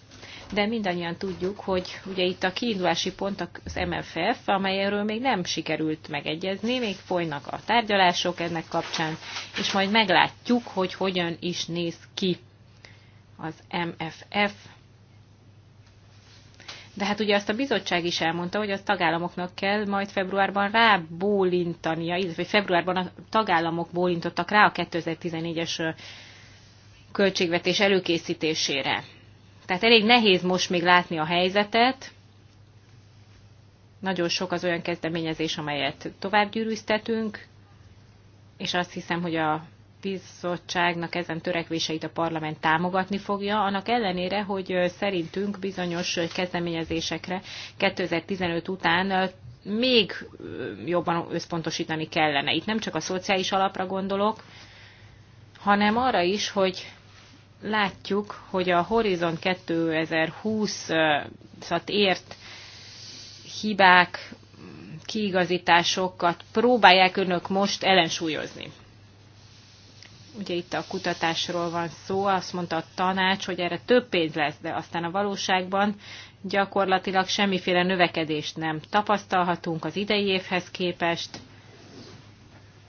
de mindannyian tudjuk, hogy ugye itt a kiindulási pont az MFF, amelyről még nem sikerült megegyezni, még folynak a tárgyalások ennek kapcsán, és majd meglátjuk, hogy hogyan is néz ki az MFF. De hát ugye azt a bizottság is elmondta, hogy a tagállamoknak kell majd februárban rábólintania, illetve februárban a tagállamok bólintottak rá a 2014-es költségvetés előkészítésére. Tehát elég nehéz most még látni a helyzetet. Nagyon sok az olyan kezdeményezés, amelyet tovább gyűrűztetünk, és azt hiszem, hogy a bizottságnak ezen törekvéseit a parlament támogatni fogja, annak ellenére, hogy szerintünk bizonyos kezdeményezésekre 2015 után még jobban összpontosítani kellene. Itt nem csak a szociális alapra gondolok, hanem arra is, hogy látjuk, hogy a Horizon 2020-at ért hibák, kiigazításokat próbálják önök most ellensúlyozni. Ugye itt a kutatásról van szó, azt mondta a tanács, hogy erre több pénz lesz, de aztán a valóságban gyakorlatilag semmiféle növekedést nem tapasztalhatunk az idei évhez képest,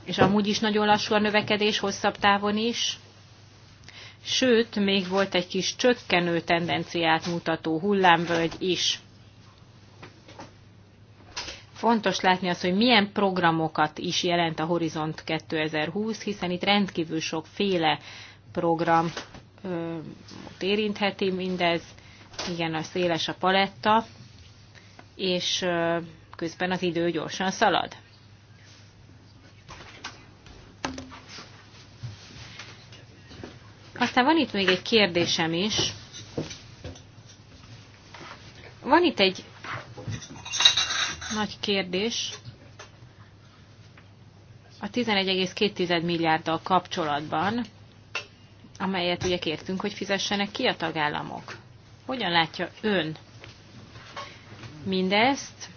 és amúgy is nagyon lassú a növekedés hosszabb távon is, sőt, még volt egy kis csökkenő tendenciát mutató hullámvölgy is. Fontos látni az, hogy milyen programokat is jelent a Horizont 2020, hiszen itt rendkívül sokféle program ö, érintheti mindez, igen, a széles a paletta, és ö, közben az idő gyorsan szalad. Aztán van itt még egy kérdésem is. Van itt egy nagy kérdés a 11,2 milliárddal kapcsolatban, amelyet ugye kértünk, hogy fizessenek ki a tagállamok. Hogyan látja ön mindezt?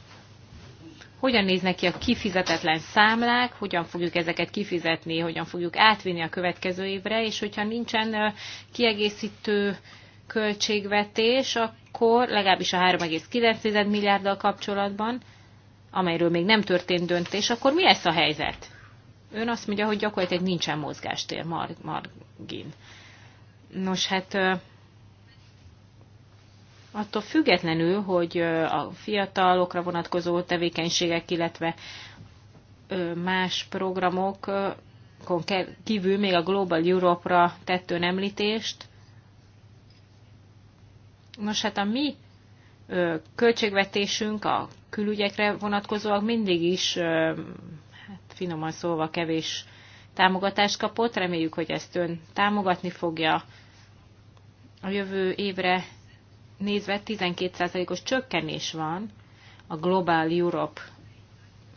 hogyan néznek ki a kifizetetlen számlák, hogyan fogjuk ezeket kifizetni, hogyan fogjuk átvinni a következő évre, és hogyha nincsen kiegészítő költségvetés, akkor legalábbis a 3,9 milliárddal kapcsolatban, amelyről még nem történt döntés, akkor mi lesz a helyzet? Ön azt mondja, hogy gyakorlatilag nincsen mozgástér margin. Nos, hát attól függetlenül, hogy a fiatalokra vonatkozó tevékenységek, illetve más programokon kívül még a Global Europe-ra tettő említést. Nos, hát a mi költségvetésünk a külügyekre vonatkozóak mindig is, hát finoman szólva kevés támogatást kapott. Reméljük, hogy ezt ön támogatni fogja a jövő évre nézve 12%-os csökkenés van a Global Europe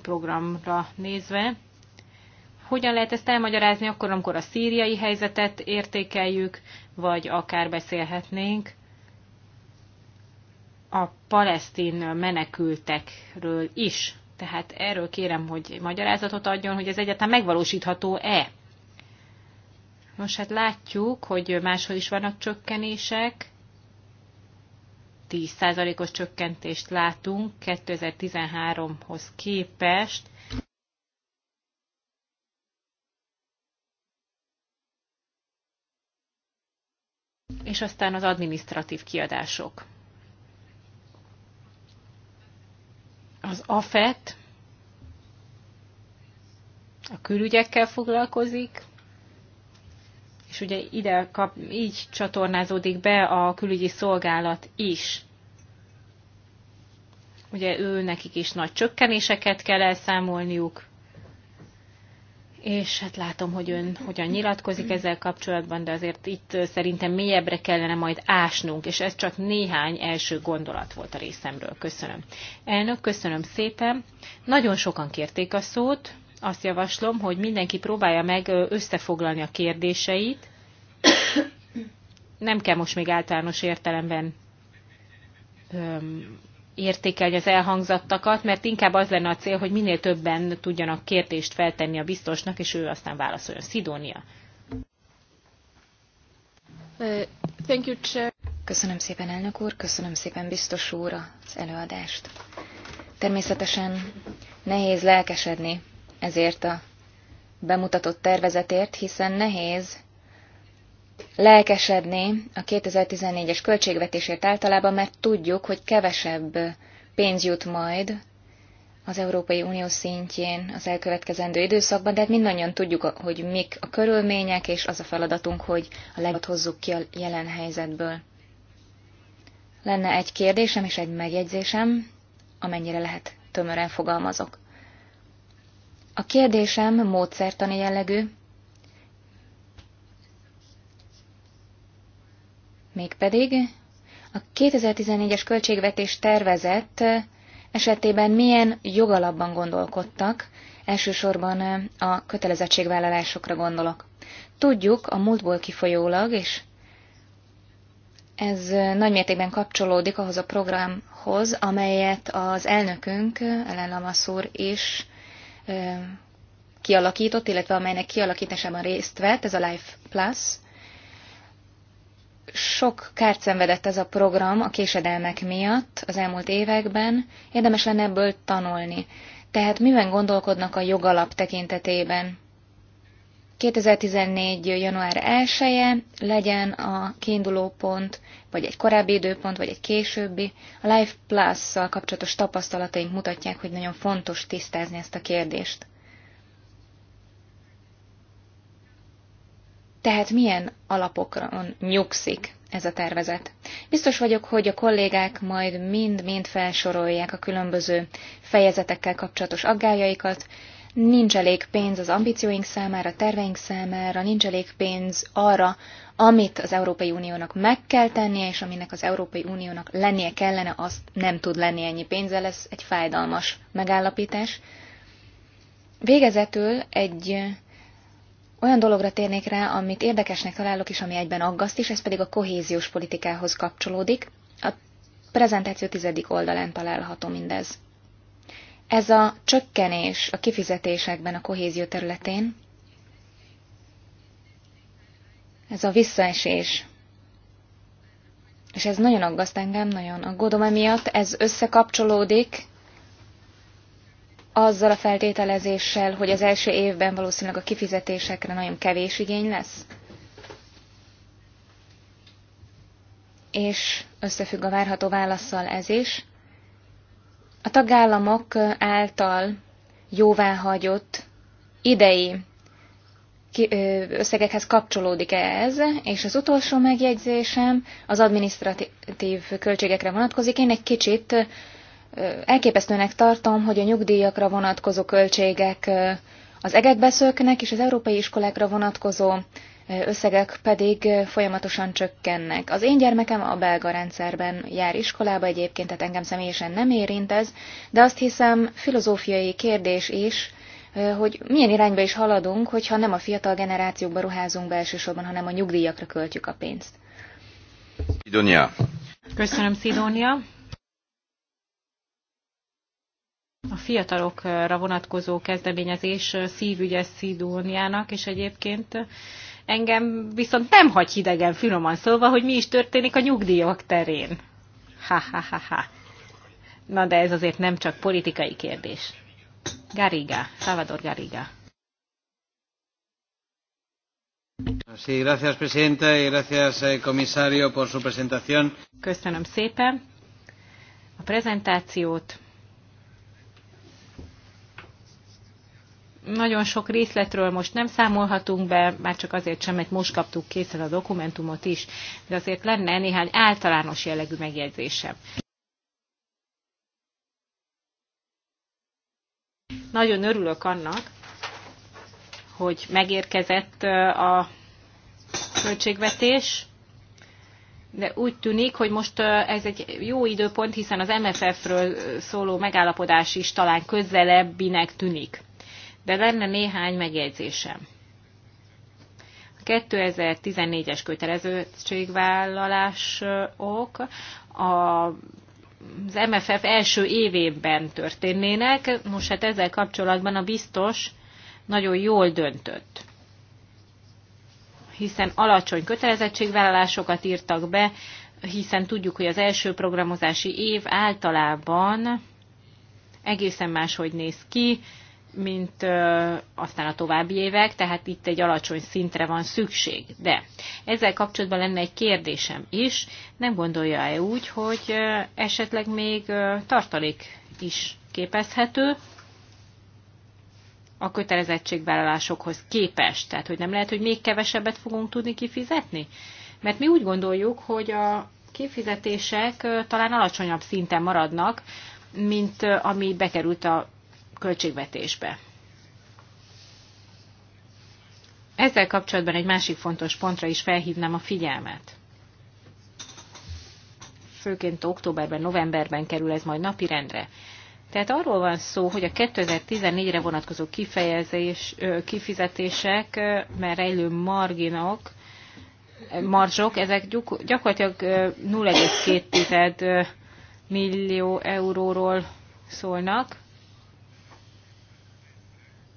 programra nézve. Hogyan lehet ezt elmagyarázni akkor, amikor a szíriai helyzetet értékeljük, vagy akár beszélhetnénk a palesztin menekültekről is. Tehát erről kérem, hogy magyarázatot adjon, hogy ez egyáltalán megvalósítható-e. Most hát látjuk, hogy máshol is vannak csökkenések, 10%-os csökkentést látunk 2013-hoz képest. És aztán az adminisztratív kiadások. Az AFET a külügyekkel foglalkozik, és ugye ide kap, így csatornázódik be a külügyi szolgálat is. Ugye ő nekik is nagy csökkenéseket kell elszámolniuk, és hát látom, hogy ön hogyan nyilatkozik ezzel kapcsolatban, de azért itt szerintem mélyebbre kellene majd ásnunk, és ez csak néhány első gondolat volt a részemről. Köszönöm. Elnök, köszönöm szépen. Nagyon sokan kérték a szót, azt javaslom, hogy mindenki próbálja meg összefoglalni a kérdéseit. Nem kell most még általános értelemben öm, értékelni az elhangzattakat, mert inkább az lenne a cél, hogy minél többen tudjanak kérdést feltenni a biztosnak, és ő aztán válaszoljon. Szidónia. Thank you, Chair. Köszönöm szépen, elnök úr, köszönöm szépen, biztos úr, az előadást. Természetesen nehéz lelkesedni ezért a bemutatott tervezetért, hiszen nehéz lelkesedni a 2014-es költségvetésért általában, mert tudjuk, hogy kevesebb pénz jut majd az Európai Unió szintjén az elkövetkezendő időszakban, de hát mindannyian tudjuk, hogy mik a körülmények, és az a feladatunk, hogy a legjobbat hozzuk ki a jelen helyzetből. Lenne egy kérdésem és egy megjegyzésem, amennyire lehet tömören fogalmazok. A kérdésem módszertani jellegű, mégpedig a 2014-es költségvetés tervezett esetében milyen jogalapban gondolkodtak, elsősorban a kötelezettségvállalásokra gondolok. Tudjuk a múltból kifolyólag, és ez nagymértékben kapcsolódik ahhoz a programhoz, amelyet az elnökünk, Ellen Lamassur is kialakított, illetve amelynek kialakításában részt vett, ez a Life Plus. Sok kárt szenvedett ez a program a késedelmek miatt az elmúlt években, érdemes lenne ebből tanulni. Tehát miben gondolkodnak a jogalap tekintetében? 2014. január 1 -e legyen a kiinduló pont, vagy egy korábbi időpont, vagy egy későbbi. A Life Plus-szal kapcsolatos tapasztalataink mutatják, hogy nagyon fontos tisztázni ezt a kérdést. Tehát milyen alapokon nyugszik ez a tervezet? Biztos vagyok, hogy a kollégák majd mind-mind felsorolják a különböző fejezetekkel kapcsolatos aggájaikat, nincs elég pénz az ambícióink számára, a terveink számára, nincs elég pénz arra, amit az Európai Uniónak meg kell tennie, és aminek az Európai Uniónak lennie kellene, azt nem tud lenni ennyi pénzzel, ez egy fájdalmas megállapítás. Végezetül egy olyan dologra térnék rá, amit érdekesnek találok, és ami egyben aggaszt is, ez pedig a kohéziós politikához kapcsolódik. A prezentáció tizedik oldalán található mindez. Ez a csökkenés a kifizetésekben a kohézió területén, ez a visszaesés, és ez nagyon aggaszt engem, nagyon aggódom emiatt, ez összekapcsolódik azzal a feltételezéssel, hogy az első évben valószínűleg a kifizetésekre nagyon kevés igény lesz. És összefügg a várható válaszsal ez is a tagállamok által jóváhagyott idei összegekhez kapcsolódik -e ez, és az utolsó megjegyzésem az adminisztratív költségekre vonatkozik. Én egy kicsit elképesztőnek tartom, hogy a nyugdíjakra vonatkozó költségek az egekbeszöknek és az európai iskolákra vonatkozó összegek pedig folyamatosan csökkennek. Az én gyermekem a belga rendszerben jár iskolába egyébként, tehát engem személyesen nem érint ez, de azt hiszem filozófiai kérdés is, hogy milyen irányba is haladunk, hogyha nem a fiatal generációkba ruházunk be elsősorban, hanem a nyugdíjakra költjük a pénzt. Sidonia. Köszönöm, Szidónia. A fiatalokra vonatkozó kezdeményezés szívügyes Szidóniának, és egyébként engem viszont nem hagy hidegen finoman szólva, hogy mi is történik a nyugdíjak terén. Ha, ha, ha, ha. Na de ez azért nem csak politikai kérdés. Gariga, Salvador Gariga. Sí, gracias, presidenta, y gracias, eh, comisario, por su presentación. Köszönöm szépen a prezentációt. Nagyon sok részletről most nem számolhatunk be, már csak azért sem, mert most kaptuk készen a dokumentumot is, de azért lenne néhány általános jellegű megjegyzésem. Nagyon örülök annak, hogy megérkezett a költségvetés, de úgy tűnik, hogy most ez egy jó időpont, hiszen az MFF-ről szóló megállapodás is talán közelebbinek tűnik de lenne néhány megjegyzésem. A 2014-es kötelezettségvállalások a az MFF első évében történnének. Most hát ezzel kapcsolatban a biztos nagyon jól döntött hiszen alacsony kötelezettségvállalásokat írtak be, hiszen tudjuk, hogy az első programozási év általában egészen máshogy néz ki, mint aztán a további évek, tehát itt egy alacsony szintre van szükség. De ezzel kapcsolatban lenne egy kérdésem is, nem gondolja-e úgy, hogy esetleg még tartalék is képezhető a kötelezettségvállalásokhoz képest? Tehát, hogy nem lehet, hogy még kevesebbet fogunk tudni kifizetni? Mert mi úgy gondoljuk, hogy a kifizetések talán alacsonyabb szinten maradnak, mint ami bekerült a költségvetésbe. Ezzel kapcsolatban egy másik fontos pontra is felhívnám a figyelmet. Főként októberben, novemberben kerül ez majd napirendre. Tehát arról van szó, hogy a 2014-re vonatkozó kifejezés, kifizetések, mert rejlő marginok, marzsok, ezek gyakorlatilag 0,2 millió euróról szólnak,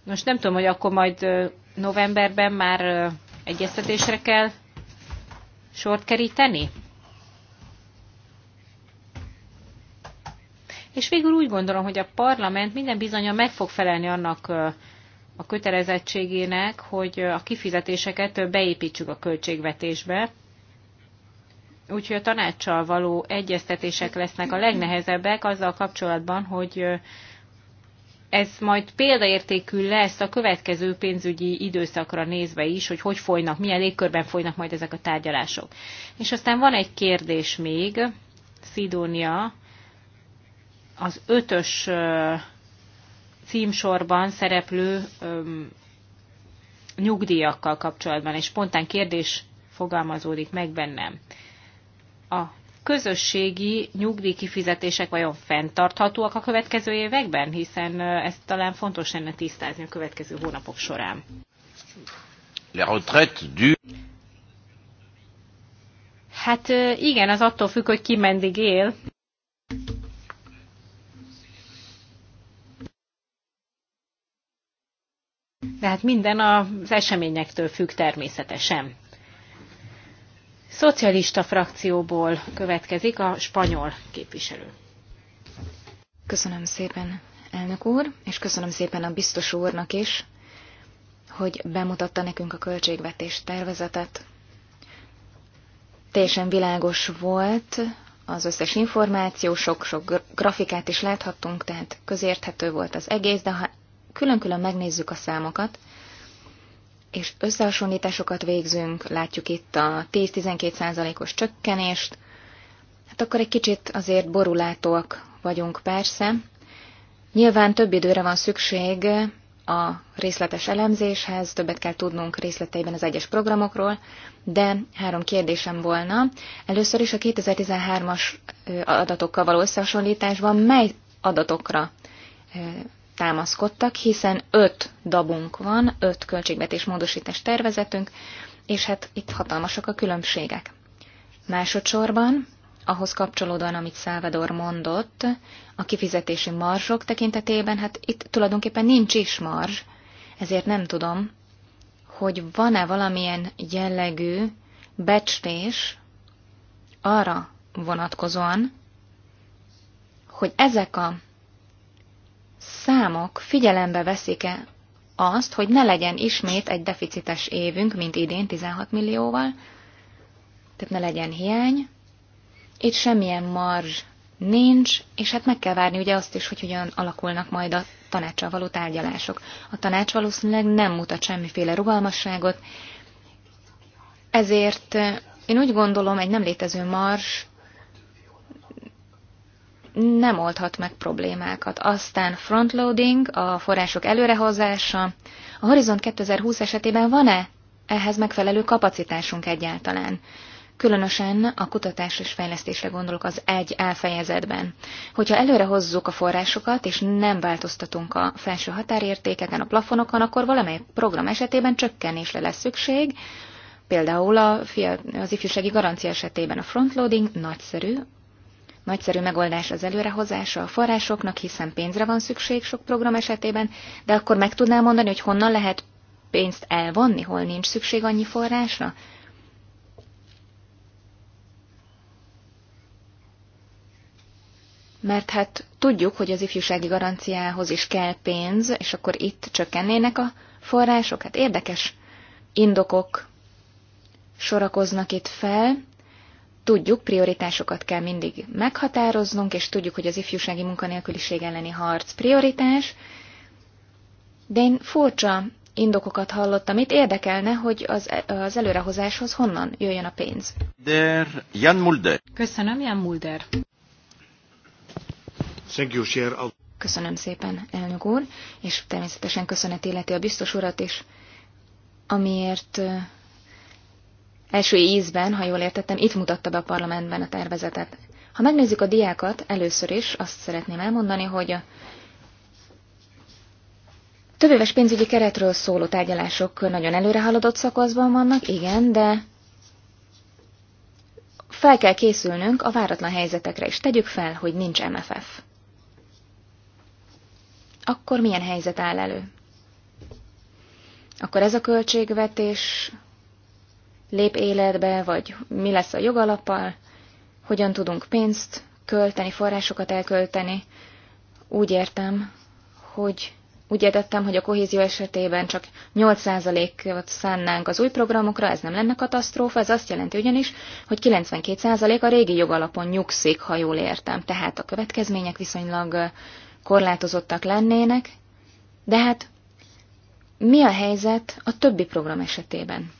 most nem tudom, hogy akkor majd novemberben már egyeztetésre kell sort keríteni? És végül úgy gondolom, hogy a parlament minden bizonyan meg fog felelni annak a kötelezettségének, hogy a kifizetéseket beépítsük a költségvetésbe. Úgyhogy a tanácssal való egyeztetések lesznek a legnehezebbek azzal kapcsolatban, hogy ez majd példaértékű lesz a következő pénzügyi időszakra nézve is, hogy hogy folynak, milyen légkörben folynak majd ezek a tárgyalások. És aztán van egy kérdés még, Szidónia, az ötös címsorban szereplő nyugdíjakkal kapcsolatban, és spontán kérdés fogalmazódik meg bennem. A közösségi nyugdíj kifizetések vajon fenntarthatóak a következő években, hiszen ezt talán fontos lenne tisztázni a következő hónapok során. Hát igen, az attól függ, hogy ki mendig él. De hát minden az eseményektől függ természetesen. Szocialista frakcióból következik a spanyol képviselő. Köszönöm szépen, elnök úr, és köszönöm szépen a biztos úrnak is, hogy bemutatta nekünk a költségvetés tervezetet. Teljesen világos volt az összes információ, sok-sok grafikát is láthattunk, tehát közérthető volt az egész, de ha külön-külön megnézzük a számokat, és összehasonlításokat végzünk, látjuk itt a 10-12 százalékos csökkenést, hát akkor egy kicsit azért borulátóak vagyunk persze. Nyilván több időre van szükség a részletes elemzéshez, többet kell tudnunk részleteiben az egyes programokról, de három kérdésem volna. Először is a 2013-as adatokkal való összehasonlításban mely adatokra támaszkodtak, hiszen öt dabunk van, öt költségvetés módosítás tervezetünk, és hát itt hatalmasak a különbségek. Másodszorban, ahhoz kapcsolódóan, amit Salvador mondott, a kifizetési marzsok tekintetében, hát itt tulajdonképpen nincs is marzs, ezért nem tudom, hogy van-e valamilyen jellegű becslés arra vonatkozóan, hogy ezek a számok figyelembe veszik-e azt, hogy ne legyen ismét egy deficites évünk, mint idén 16 millióval, tehát ne legyen hiány, itt semmilyen marzs nincs, és hát meg kell várni ugye azt is, hogy hogyan alakulnak majd a tanácssal való tárgyalások. A tanács valószínűleg nem mutat semmiféle rugalmasságot, ezért én úgy gondolom, egy nem létező mars nem oldhat meg problémákat. Aztán frontloading, a források előrehozása. A Horizont 2020 esetében van-e ehhez megfelelő kapacitásunk egyáltalán? Különösen a kutatás és fejlesztésre gondolok az egy elfejezetben. Hogyha előrehozzuk a forrásokat, és nem változtatunk a felső határértékeken, a plafonokon, akkor valamely program esetében csökkenésre lesz szükség, Például a fia, az ifjúsági garancia esetében a frontloading nagyszerű, Nagyszerű megoldás az előrehozása a forrásoknak, hiszen pénzre van szükség sok program esetében, de akkor meg tudnám mondani, hogy honnan lehet pénzt elvonni, hol nincs szükség annyi forrásra? Mert hát tudjuk, hogy az ifjúsági garanciához is kell pénz, és akkor itt csökkennének a források. Hát érdekes indokok sorakoznak itt fel. Tudjuk, prioritásokat kell mindig meghatároznunk, és tudjuk, hogy az ifjúsági munkanélküliség elleni harc prioritás, de én furcsa indokokat hallottam. Itt érdekelne, hogy az, az előrehozáshoz honnan jöjjön a pénz. Der Jan Mulder. Köszönöm, Jan Mulder. Köszönöm szépen, elnök úr, és természetesen köszönet illeti a biztos urat is, amiért első ízben, ha jól értettem, itt mutatta be a parlamentben a tervezetet. Ha megnézzük a diákat, először is azt szeretném elmondani, hogy a többéves pénzügyi keretről szóló tárgyalások nagyon előre haladott szakaszban vannak, igen, de fel kell készülnünk a váratlan helyzetekre, és tegyük fel, hogy nincs MFF. Akkor milyen helyzet áll elő? Akkor ez a költségvetés lép életbe, vagy mi lesz a jogalappal, hogyan tudunk pénzt költeni, forrásokat elkölteni. Úgy értem, hogy úgy értettem, hogy a kohézió esetében csak 8%-ot szánnánk az új programokra, ez nem lenne katasztrófa, ez azt jelenti ugyanis, hogy 92% a régi jogalapon nyugszik, ha jól értem. Tehát a következmények viszonylag korlátozottak lennének, de hát mi a helyzet a többi program esetében?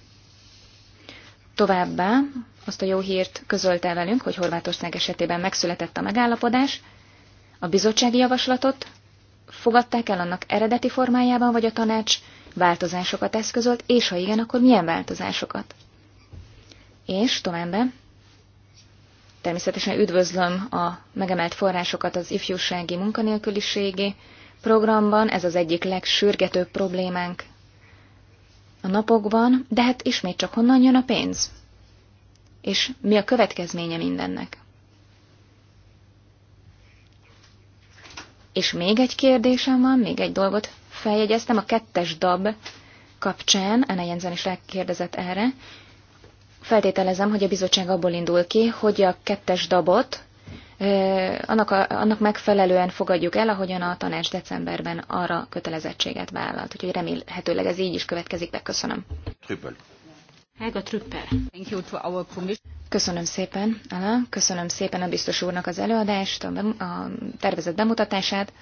Továbbá azt a jó hírt közölte velünk, hogy Horvátország esetében megszületett a megállapodás, a bizottsági javaslatot fogadták el annak eredeti formájában, vagy a tanács változásokat eszközölt, és ha igen, akkor milyen változásokat? És továbbá, természetesen üdvözlöm a megemelt forrásokat az ifjúsági munkanélküliségi programban, ez az egyik legsürgetőbb problémánk napokban, de hát ismét csak honnan jön a pénz? És mi a következménye mindennek? És még egy kérdésem van, még egy dolgot feljegyeztem a kettes dab kapcsán, Anna Jensen is rákérdezett erre. Feltételezem, hogy a bizottság abból indul ki, hogy a kettes dabot annak, a, annak megfelelően fogadjuk el, ahogyan a tanács decemberben arra kötelezettséget vállalt. Úgyhogy remélhetőleg ez így is következik be. Köszönöm. Trüppel. Helga Trüppel. Köszönöm szépen, Anna. Köszönöm szépen a biztos úrnak az előadást, a, tervezett bemutatását.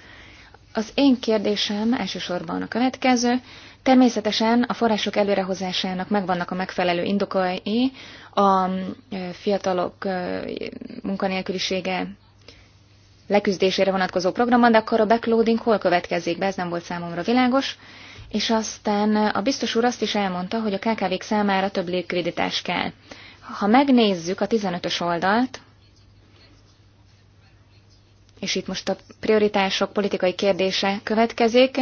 Az én kérdésem elsősorban a következő. Természetesen a források előrehozásának megvannak a megfelelő indokai, a fiatalok munkanélkülisége leküzdésére vonatkozó programban, de akkor a backloading hol következik be, ez nem volt számomra világos. És aztán a biztos úr azt is elmondta, hogy a KKV-k számára több likviditás kell. Ha megnézzük a 15-ös oldalt, és itt most a prioritások politikai kérdése következik,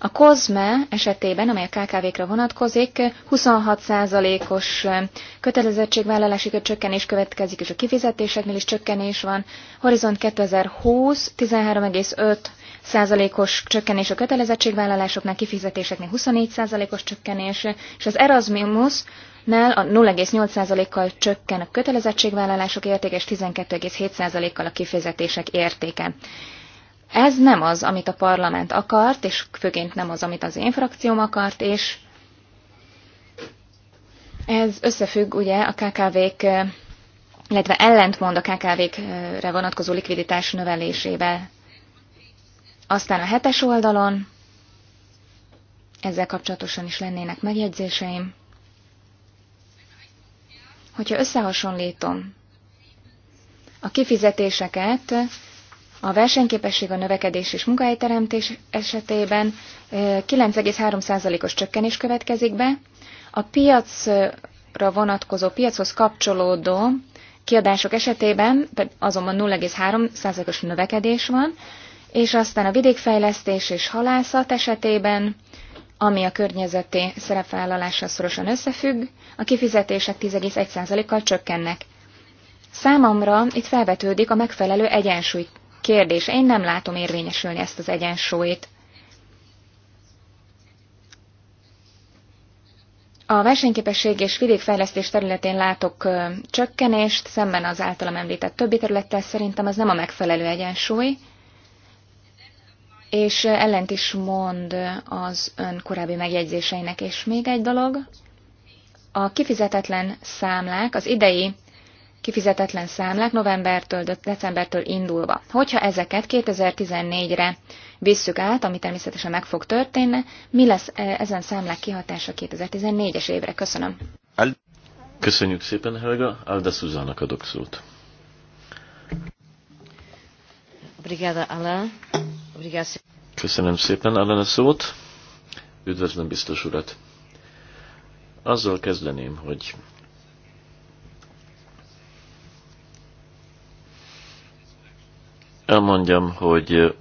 a COSME esetében, amely a KKV-kra vonatkozik, 26%-os kötelezettségvállalási csökkenés következik, és a kifizetéseknél is csökkenés van. Horizont 2020 13,5%-os csökkenés a kötelezettségvállalásoknál, kifizetéseknél 24%-os csökkenés, és az Erasmus nál a 0,8%-kal csökken a kötelezettségvállalások értéke, és 12,7%-kal a kifizetések értéke. Ez nem az, amit a parlament akart, és főként nem az, amit az én frakcióm akart, és ez összefügg ugye a KKV-k, illetve ellentmond a KKV-kre vonatkozó likviditás növelésével. Aztán a hetes oldalon, ezzel kapcsolatosan is lennének megjegyzéseim. Hogyha összehasonlítom a kifizetéseket a versenyképesség, a növekedés és munkahelyteremtés esetében 9,3%-os csökkenés következik be. A piacra vonatkozó, piachoz kapcsolódó kiadások esetében azonban 0,3%-os növekedés van, és aztán a vidékfejlesztés és halászat esetében, ami a környezeti szerepvállalással szorosan összefügg, a kifizetések 10,1%-kal csökkennek. Számomra itt felvetődik a megfelelő egyensúly kérdés. Én nem látom érvényesülni ezt az egyensúlyt. A versenyképesség és vidékfejlesztés területén látok csökkenést, szemben az általam említett többi területtel szerintem ez nem a megfelelő egyensúly, és ellent is mond az ön korábbi megjegyzéseinek. És még egy dolog, a kifizetetlen számlák az idei kifizetetlen számlák novembertől, decembertől indulva. Hogyha ezeket 2014-re visszük át, ami természetesen meg fog történni, mi lesz e, ezen számlák kihatása 2014-es évre? Köszönöm. Köszönjük szépen, Helga. Alda Szuzának adok szót. Köszönöm szépen, Alan, a szót. Üdvözlöm, biztos urat. Azzal kezdeném, hogy elmondjam, hogy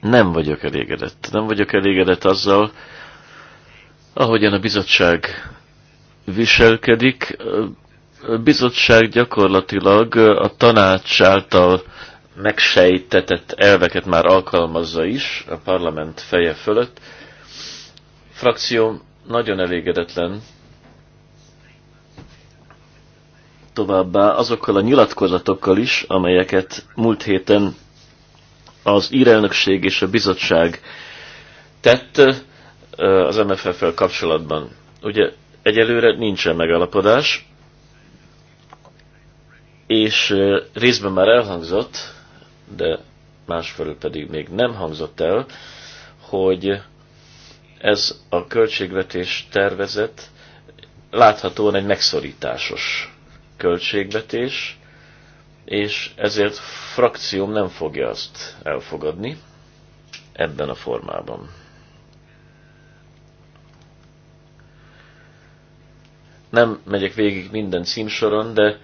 nem vagyok elégedett. Nem vagyok elégedett azzal, ahogyan a bizottság viselkedik. A bizottság gyakorlatilag a tanács által megsejtetett elveket már alkalmazza is a parlament feje fölött. Frakcióm nagyon elégedetlen továbbá azokkal a nyilatkozatokkal is, amelyeket múlt héten az írelnökség és a bizottság tett az MFF-fel kapcsolatban. Ugye egyelőre nincsen megalapodás, és részben már elhangzott, de másfelől pedig még nem hangzott el, hogy ez a költségvetés tervezet láthatóan egy megszorításos költségvetés, és ezért frakcióm nem fogja azt elfogadni ebben a formában. Nem megyek végig minden címsoron, de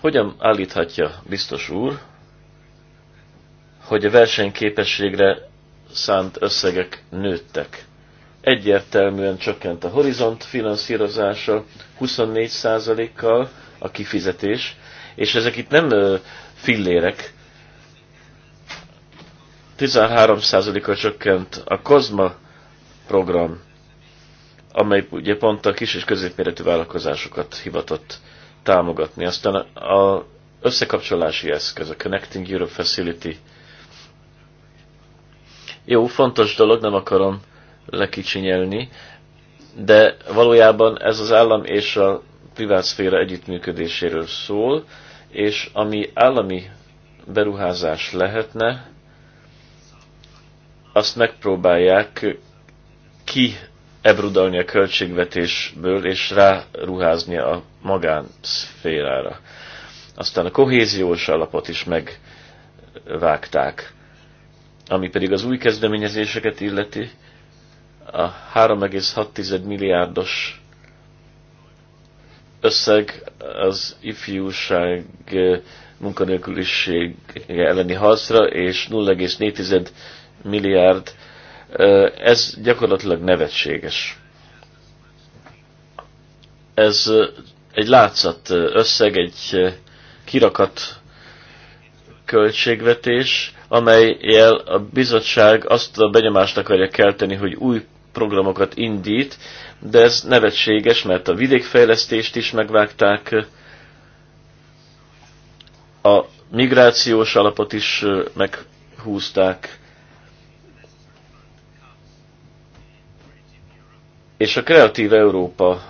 hogyan állíthatja biztos úr, hogy a versenyképességre szánt összegek nőttek? Egyértelműen csökkent a horizont finanszírozása 24%-kal, a kifizetés és ezek itt nem fillérek. 13%-kal csökkent a COSMA program, amely ugye pont a kis és középméretű vállalkozásokat hivatott támogatni. Aztán a összekapcsolási eszköz, a Connecting Europe Facility. Jó, fontos dolog, nem akarom lekicsinyelni, de valójában ez az állam és a privátszféra együttműködéséről szól, és ami állami beruházás lehetne, azt megpróbálják ki ebrudalni a költségvetésből, és ráruházni a magánszférára. Aztán a kohéziós alapot is megvágták. Ami pedig az új kezdeményezéseket illeti, a 3,6 milliárdos összeg az ifjúság eh, munkanélküliség elleni harcra, és 0,4 milliárd. Eh, ez gyakorlatilag nevetséges. Ez eh, egy látszat összeg, egy kirakat költségvetés, amelyel a bizottság azt a benyomást akarja kelteni, hogy új programokat indít, de ez nevetséges, mert a vidékfejlesztést is megvágták, a migrációs alapot is meghúzták, és a Kreatív Európa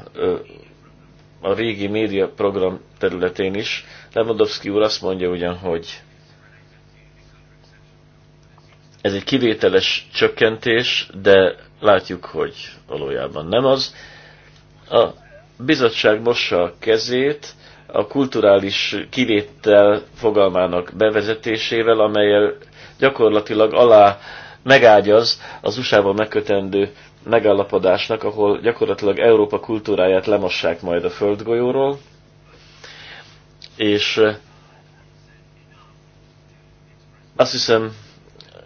a régi média program területén is. Lewandowski úr azt mondja ugyan, hogy ez egy kivételes csökkentés, de látjuk, hogy valójában nem az. A bizottság mossa a kezét a kulturális kivétel fogalmának bevezetésével, amelyel gyakorlatilag alá megágyaz az USA-ban megkötendő megállapodásnak, ahol gyakorlatilag Európa kultúráját lemossák majd a földgolyóról, és eh, azt hiszem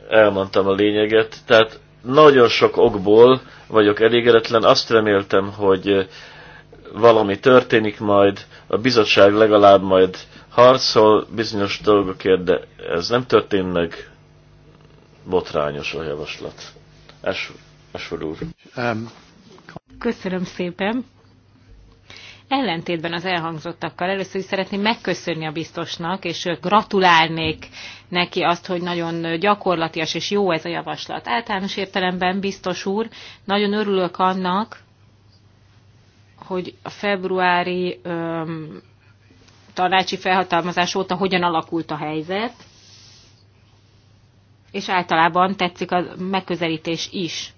elmondtam a lényeget. Tehát nagyon sok okból vagyok elégedetlen. Azt reméltem, hogy valami történik majd, a bizottság legalább majd harcol bizonyos dolgokért, de ez nem történt meg. Botrányos a javaslat. Ashford úr. Um, Köszönöm szépen ellentétben az elhangzottakkal. Először is szeretném megköszönni a biztosnak, és gratulálnék neki azt, hogy nagyon gyakorlatias és jó ez a javaslat. Általános értelemben biztos úr, nagyon örülök annak, hogy a februári öm, tanácsi felhatalmazás óta hogyan alakult a helyzet, és általában tetszik a megközelítés is.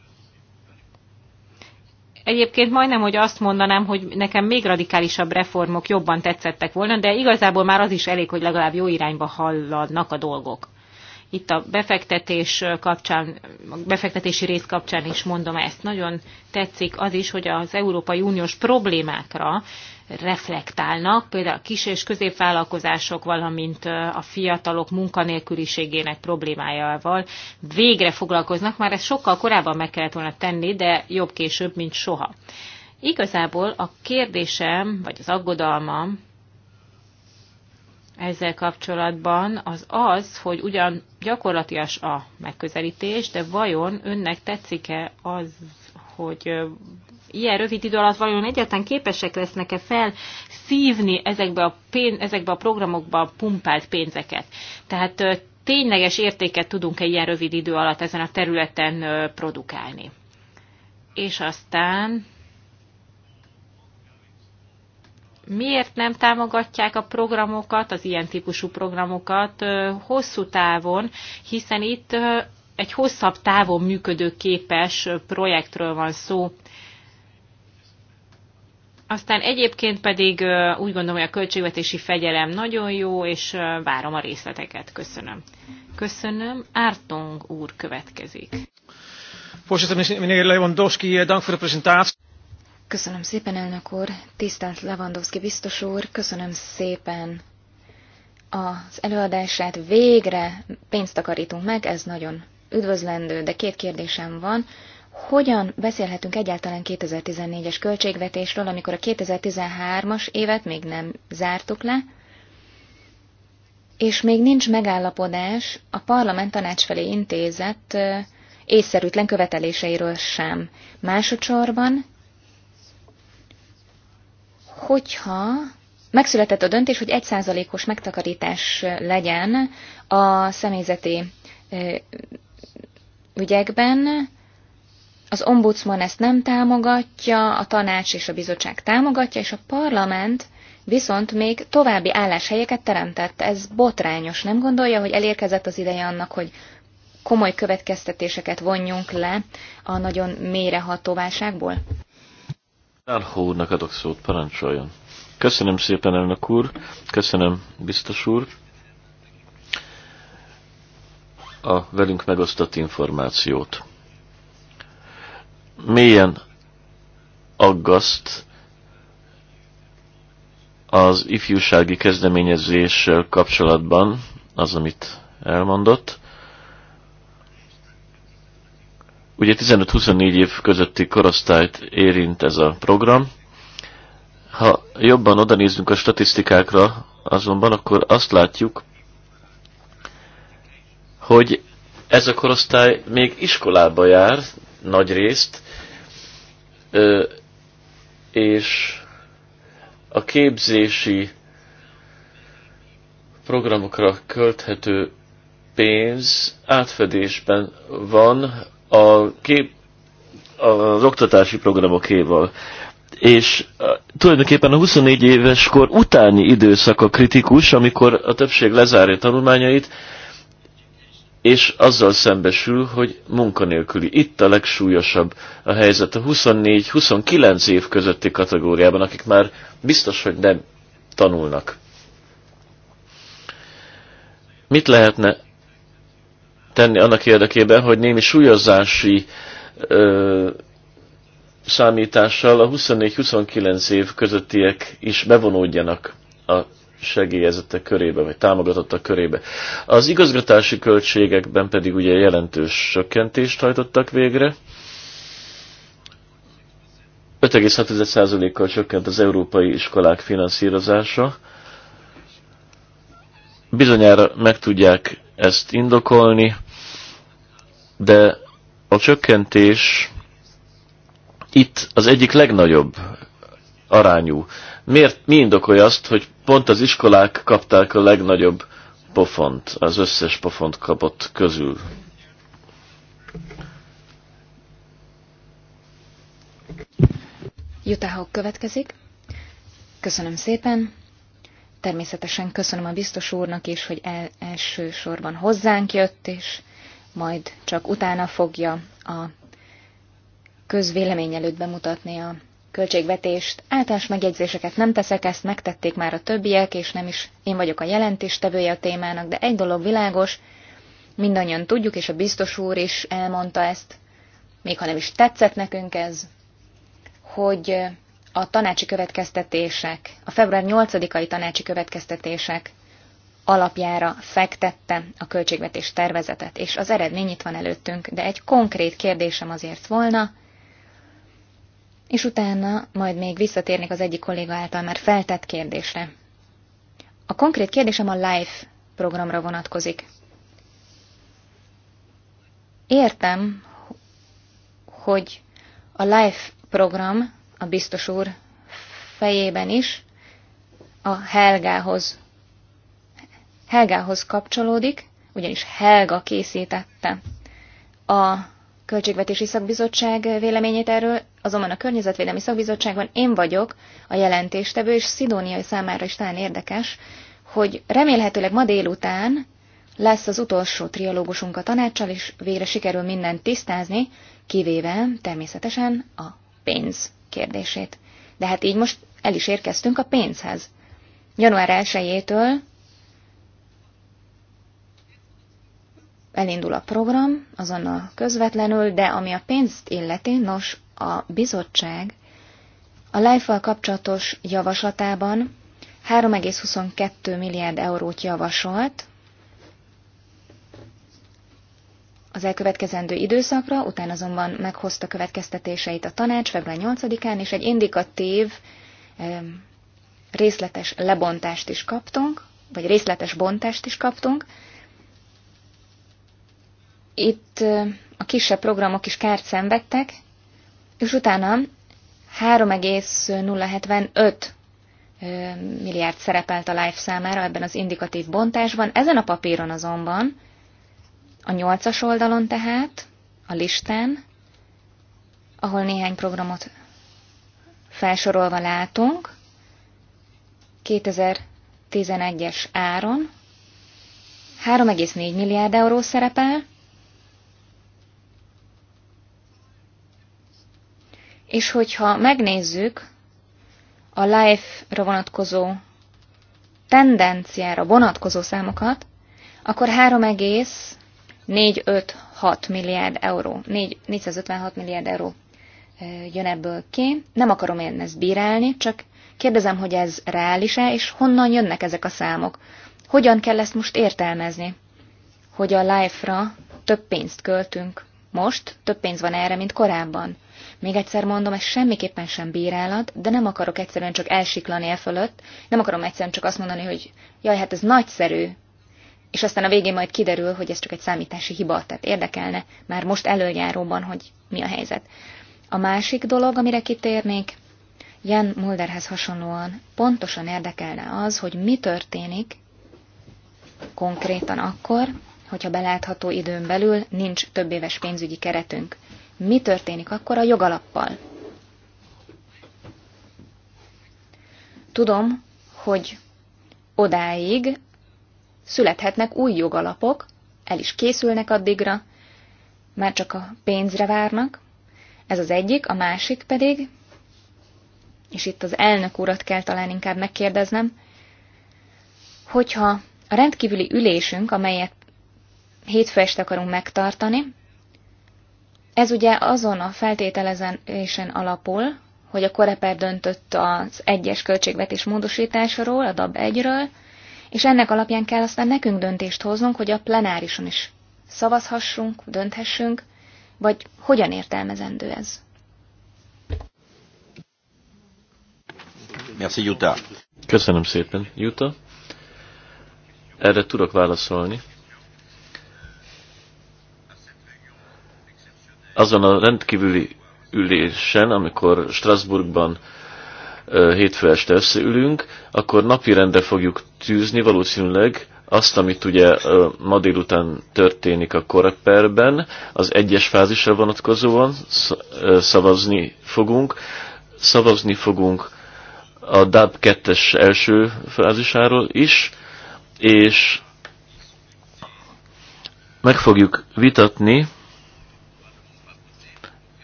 Egyébként majdnem, hogy azt mondanám, hogy nekem még radikálisabb reformok jobban tetszettek volna, de igazából már az is elég, hogy legalább jó irányba halladnak a dolgok. Itt a befektetés kapcsán, befektetési rész kapcsán is mondom ezt. Nagyon tetszik az is, hogy az Európai Uniós problémákra reflektálnak, például a kis- és középvállalkozások, valamint a fiatalok munkanélküliségének problémájával végre foglalkoznak, már ezt sokkal korábban meg kellett volna tenni, de jobb később, mint soha. Igazából a kérdésem, vagy az aggodalmam ezzel kapcsolatban az az, hogy ugyan gyakorlatias a megközelítés, de vajon önnek tetszik-e az, hogy ilyen rövid idő alatt vajon egyáltalán képesek lesznek-e felszívni ezekbe a, pén ezekbe a programokba pumpált pénzeket. Tehát tényleges értéket tudunk-e ilyen rövid idő alatt ezen a területen produkálni. És aztán miért nem támogatják a programokat, az ilyen típusú programokat hosszú távon, hiszen itt egy hosszabb távon működő képes projektről van szó. Aztán egyébként pedig úgy gondolom, hogy a költségvetési fegyelem nagyon jó, és várom a részleteket. Köszönöm. Köszönöm. Ártong úr következik. Eh, köszönöm szépen, elnök úr. Tisztelt Lewandowski biztos úr, köszönöm szépen az előadását. Végre pénzt takarítunk meg, ez nagyon üdvözlendő, de két kérdésem van. Hogyan beszélhetünk egyáltalán 2014-es költségvetésről, amikor a 2013-as évet még nem zártuk le, és még nincs megállapodás a parlament tanács felé intézett észszerűtlen követeléseiről sem. Másodszorban, hogyha megszületett a döntés, hogy egy százalékos megtakarítás legyen a személyzeti ügyekben, az ombudsman ezt nem támogatja, a tanács és a bizottság támogatja, és a parlament viszont még további álláshelyeket teremtett. Ez botrányos. Nem gondolja, hogy elérkezett az ideje annak, hogy komoly következtetéseket vonjunk le a nagyon mélyreható válságból? Álhó úrnak adok szót, parancsoljon. Köszönöm szépen, elnök úr. Köszönöm, biztos úr. A velünk megosztott információt mélyen aggaszt az ifjúsági kezdeményezés kapcsolatban az, amit elmondott. Ugye 15-24 év közötti korosztályt érint ez a program. Ha jobban odanézünk a statisztikákra, azonban akkor azt látjuk, hogy ez a korosztály még iskolába jár nagy részt, és a képzési programokra költhető pénz átfedésben van a kép, az oktatási programokéval. És tulajdonképpen a 24 éves kor utáni időszak a kritikus, amikor a többség lezárja tanulmányait, és azzal szembesül, hogy munkanélküli. Itt a legsúlyosabb a helyzet a 24-29 év közötti kategóriában, akik már biztos, hogy nem tanulnak. Mit lehetne tenni annak érdekében, hogy némi súlyozási ö, számítással a 24-29 év közöttiek is bevonódjanak a segélyezettek körébe, vagy támogatottak körébe. Az igazgatási költségekben pedig ugye jelentős csökkentést hajtottak végre. 5,6%-kal csökkent az európai iskolák finanszírozása. Bizonyára meg tudják ezt indokolni, de a csökkentés itt az egyik legnagyobb arányú. Miért, mi indokolja azt, hogy pont az iskolák kapták a legnagyobb pofont, az összes pofont kapott közül? Jutahok következik. Köszönöm szépen. Természetesen köszönöm a biztos úrnak is, hogy el, elsősorban hozzánk jött, és majd csak utána fogja a közvélemény előtt bemutatni a költségvetést. Általános megjegyzéseket nem teszek, ezt megtették már a többiek, és nem is én vagyok a jelentéstevője a témának, de egy dolog világos, mindannyian tudjuk, és a biztos úr is elmondta ezt, még ha nem is tetszett nekünk ez, hogy a tanácsi következtetések, a február 8-ai tanácsi következtetések alapjára fektette a költségvetés tervezetet, és az eredmény itt van előttünk, de egy konkrét kérdésem azért volna, és utána majd még visszatérnék az egyik kolléga által már feltett kérdésre. A konkrét kérdésem a LIFE programra vonatkozik. Értem, hogy a LIFE program a biztos úr fejében is a Helgához, Helgához kapcsolódik, ugyanis Helga készítette a Költségvetési Szakbizottság véleményét erről, azonban a Környezetvédelmi Szakbizottságban én vagyok a jelentéstevő, és Szidóniai számára is talán érdekes, hogy remélhetőleg ma délután lesz az utolsó trialógusunk a tanácssal, és végre sikerül mindent tisztázni, kivéve természetesen a pénz kérdését. De hát így most el is érkeztünk a pénzhez. Január 1-től elindul a program, azonnal közvetlenül, de ami a pénzt illeti, nos, a bizottság a life kapcsolatos javaslatában 3,22 milliárd eurót javasolt az elkövetkezendő időszakra, utána azonban meghozta következtetéseit a tanács február 8-án, és egy indikatív részletes lebontást is kaptunk, vagy részletes bontást is kaptunk. Itt a kisebb programok is kárt szenvedtek, és utána 3,075 milliárd szerepelt a Life számára ebben az indikatív bontásban. Ezen a papíron azonban, a nyolcas oldalon tehát, a listán, ahol néhány programot felsorolva látunk, 2011-es áron 3,4 milliárd euró szerepel, És hogyha megnézzük a life-ra vonatkozó tendenciára vonatkozó számokat, akkor 3,456 milliárd euró, 4, 456 milliárd euró jön ebből ki. Nem akarom én ezt bírálni, csak kérdezem, hogy ez reális-e, és honnan jönnek ezek a számok. Hogyan kell ezt most értelmezni, hogy a life-ra több pénzt költünk most, több pénz van erre, mint korábban. Még egyszer mondom, ez semmiképpen sem bírálat, de nem akarok egyszerűen csak elsiklani e fölött, nem akarom egyszerűen csak azt mondani, hogy jaj, hát ez nagyszerű, és aztán a végén majd kiderül, hogy ez csak egy számítási hiba, tehát érdekelne már most előjáróban, hogy mi a helyzet. A másik dolog, amire kitérnék, Jan Mulderhez hasonlóan pontosan érdekelne az, hogy mi történik konkrétan akkor, hogyha belátható időn belül nincs több éves pénzügyi keretünk mi történik akkor a jogalappal. Tudom, hogy odáig születhetnek új jogalapok, el is készülnek addigra, már csak a pénzre várnak. Ez az egyik, a másik pedig, és itt az elnök urat kell talán inkább megkérdeznem, hogyha a rendkívüli ülésünk, amelyet hétfő este akarunk megtartani, ez ugye azon a feltételezésen alapul, hogy a Koreper döntött az egyes költségvetés módosításról, a DAB 1-ről, és ennek alapján kell aztán nekünk döntést hoznunk, hogy a plenárison is szavazhassunk, dönthessünk, vagy hogyan értelmezendő ez? Jutta. Köszönöm szépen, Jutta. Erre tudok válaszolni. azon a rendkívüli ülésen, amikor Strasbourgban hétfő este összeülünk, akkor rendre fogjuk tűzni valószínűleg azt, amit ugye ma délután történik a koreperben, az egyes fázisra vonatkozóan szavazni fogunk. Szavazni fogunk a DAB 2-es első fázisáról is, és meg fogjuk vitatni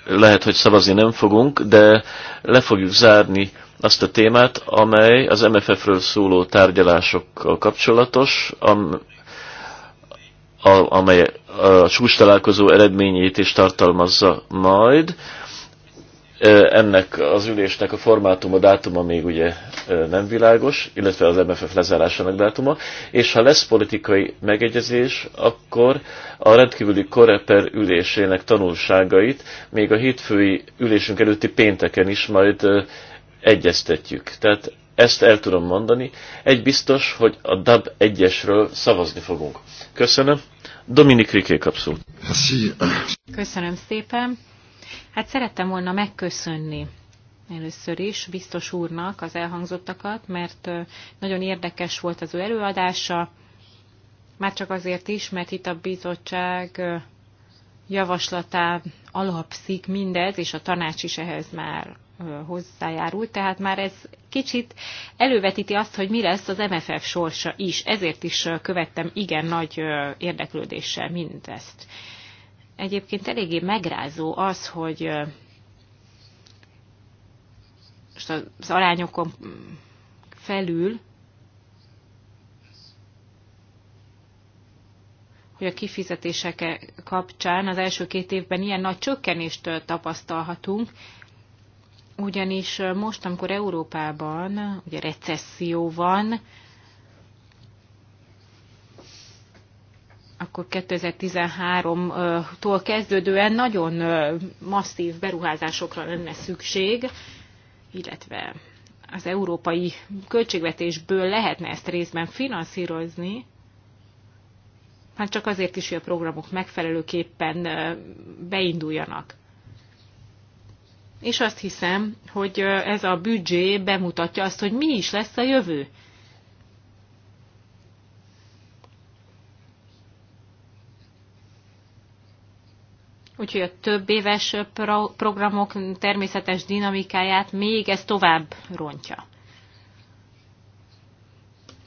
lehet, hogy szavazni nem fogunk, de le fogjuk zárni azt a témát, amely az MFF-ről szóló tárgyalásokkal kapcsolatos, am, a, amely a csúcs találkozó eredményét is tartalmazza majd. Ennek az ülésnek a formátuma, dátuma még ugye nem világos, illetve az MFF lezárásának dátuma, és ha lesz politikai megegyezés, akkor a rendkívüli koreper ülésének tanulságait még a hétfői ülésünk előtti pénteken is majd egyeztetjük. Tehát ezt el tudom mondani. Egy biztos, hogy a DAB 1-esről szavazni fogunk. Köszönöm. Dominik Riké kapszul. Köszönöm szépen. Hát szerettem volna megköszönni először is biztos úrnak az elhangzottakat, mert nagyon érdekes volt az ő előadása, már csak azért is, mert itt a bizottság javaslatá alapszik mindez, és a tanács is ehhez már hozzájárult, tehát már ez kicsit elővetíti azt, hogy mi lesz az MFF sorsa is. Ezért is követtem igen nagy érdeklődéssel mindezt egyébként eléggé megrázó az, hogy most az arányokon mm, felül, hogy a kifizetések kapcsán az első két évben ilyen nagy csökkenést tapasztalhatunk, ugyanis most, amikor Európában ugye recesszió van, akkor 2013-tól kezdődően nagyon masszív beruházásokra lenne szükség, illetve az európai költségvetésből lehetne ezt részben finanszírozni, hát csak azért is, hogy a programok megfelelőképpen beinduljanak. És azt hiszem, hogy ez a büdzsé bemutatja azt, hogy mi is lesz a jövő. Úgyhogy a több éves pro- programok természetes dinamikáját még ez tovább rontja.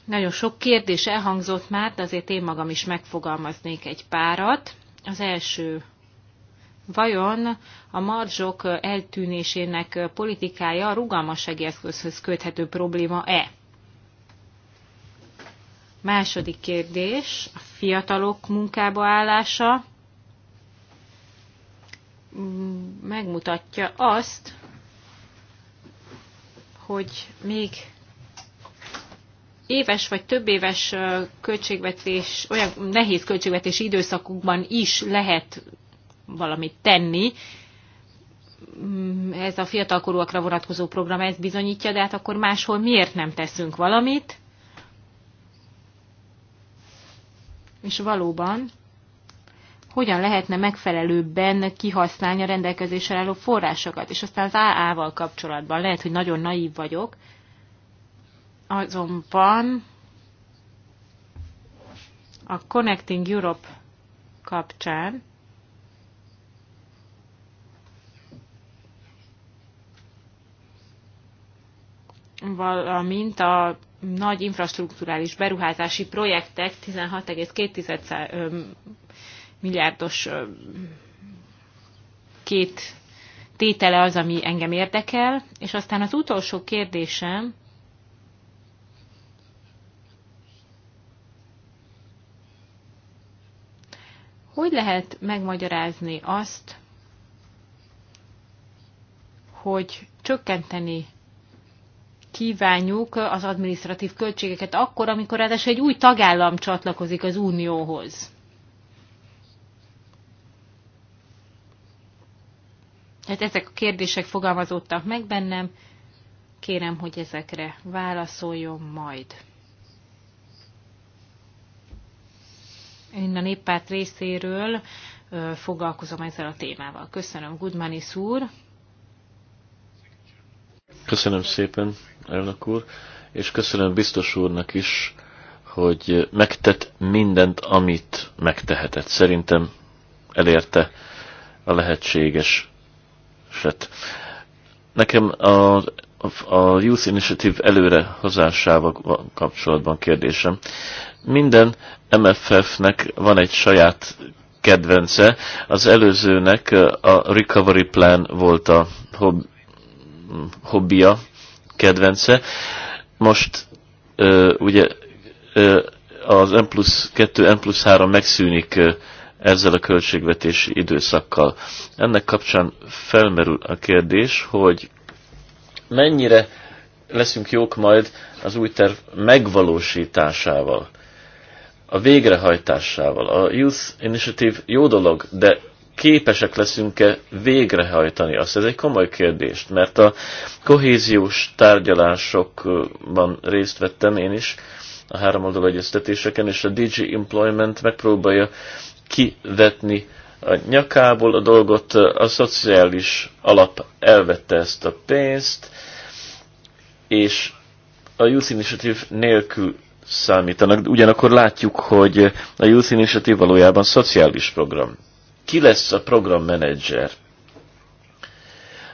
Nagyon sok kérdés elhangzott már, de azért én magam is megfogalmaznék egy párat. Az első, vajon a marzsok eltűnésének politikája a rugalmas segélyeszközhöz köthető probléma-e? Második kérdés, a fiatalok munkába állása megmutatja azt, hogy még éves vagy több éves költségvetés, olyan nehéz költségvetési időszakukban is lehet valamit tenni. Mm, ez a fiatalkorúakra vonatkozó program ezt bizonyítja, de hát akkor máshol miért nem teszünk valamit? És valóban hogyan lehetne megfelelőbben kihasználni a rendelkezésre álló forrásokat. És aztán az AA-val kapcsolatban lehet, hogy nagyon naív vagyok, azonban a Connecting Europe kapcsán valamint a nagy infrastruktúrális beruházási projektek milliárdos két tétele az, ami engem érdekel, és aztán az utolsó kérdésem, hogy lehet megmagyarázni azt, hogy csökkenteni kívánjuk az administratív költségeket akkor, amikor ráadásul egy új tagállam csatlakozik az unióhoz. Hát ezek a kérdések fogalmazódtak meg bennem, kérem, hogy ezekre válaszoljon majd. Én a néppárt részéről foglalkozom ezzel a témával. Köszönöm, Gudmani úr. Köszönöm szépen, elnök úr, és köszönöm biztos úrnak is, hogy megtett mindent, amit megtehetett. Szerintem elérte a lehetséges eset. Nekem a, a Youth Initiative előre hozásával kapcsolatban kérdésem. Minden MFF-nek van egy saját kedvence. Az előzőnek a Recovery Plan volt a hob- hobbia, kedvence. Most ö, ugye ö, az M plusz 2, M plusz 3 megszűnik ö, ezzel a költségvetési időszakkal. Ennek kapcsán felmerül a kérdés, hogy mennyire leszünk jók majd az új terv megvalósításával, a végrehajtásával. A Youth Initiative jó dolog, de képesek leszünk-e végrehajtani azt? Ez egy komoly kérdés, mert a kohéziós tárgyalásokban részt vettem én is, a háromoldalú egyeztetéseken, és a DG Employment megpróbálja kivetni a nyakából a dolgot, a szociális alap elvette ezt a pénzt, és a Youth Initiative nélkül számítanak, ugyanakkor látjuk, hogy a Youth Initiative valójában szociális program. Ki lesz a programmenedzser?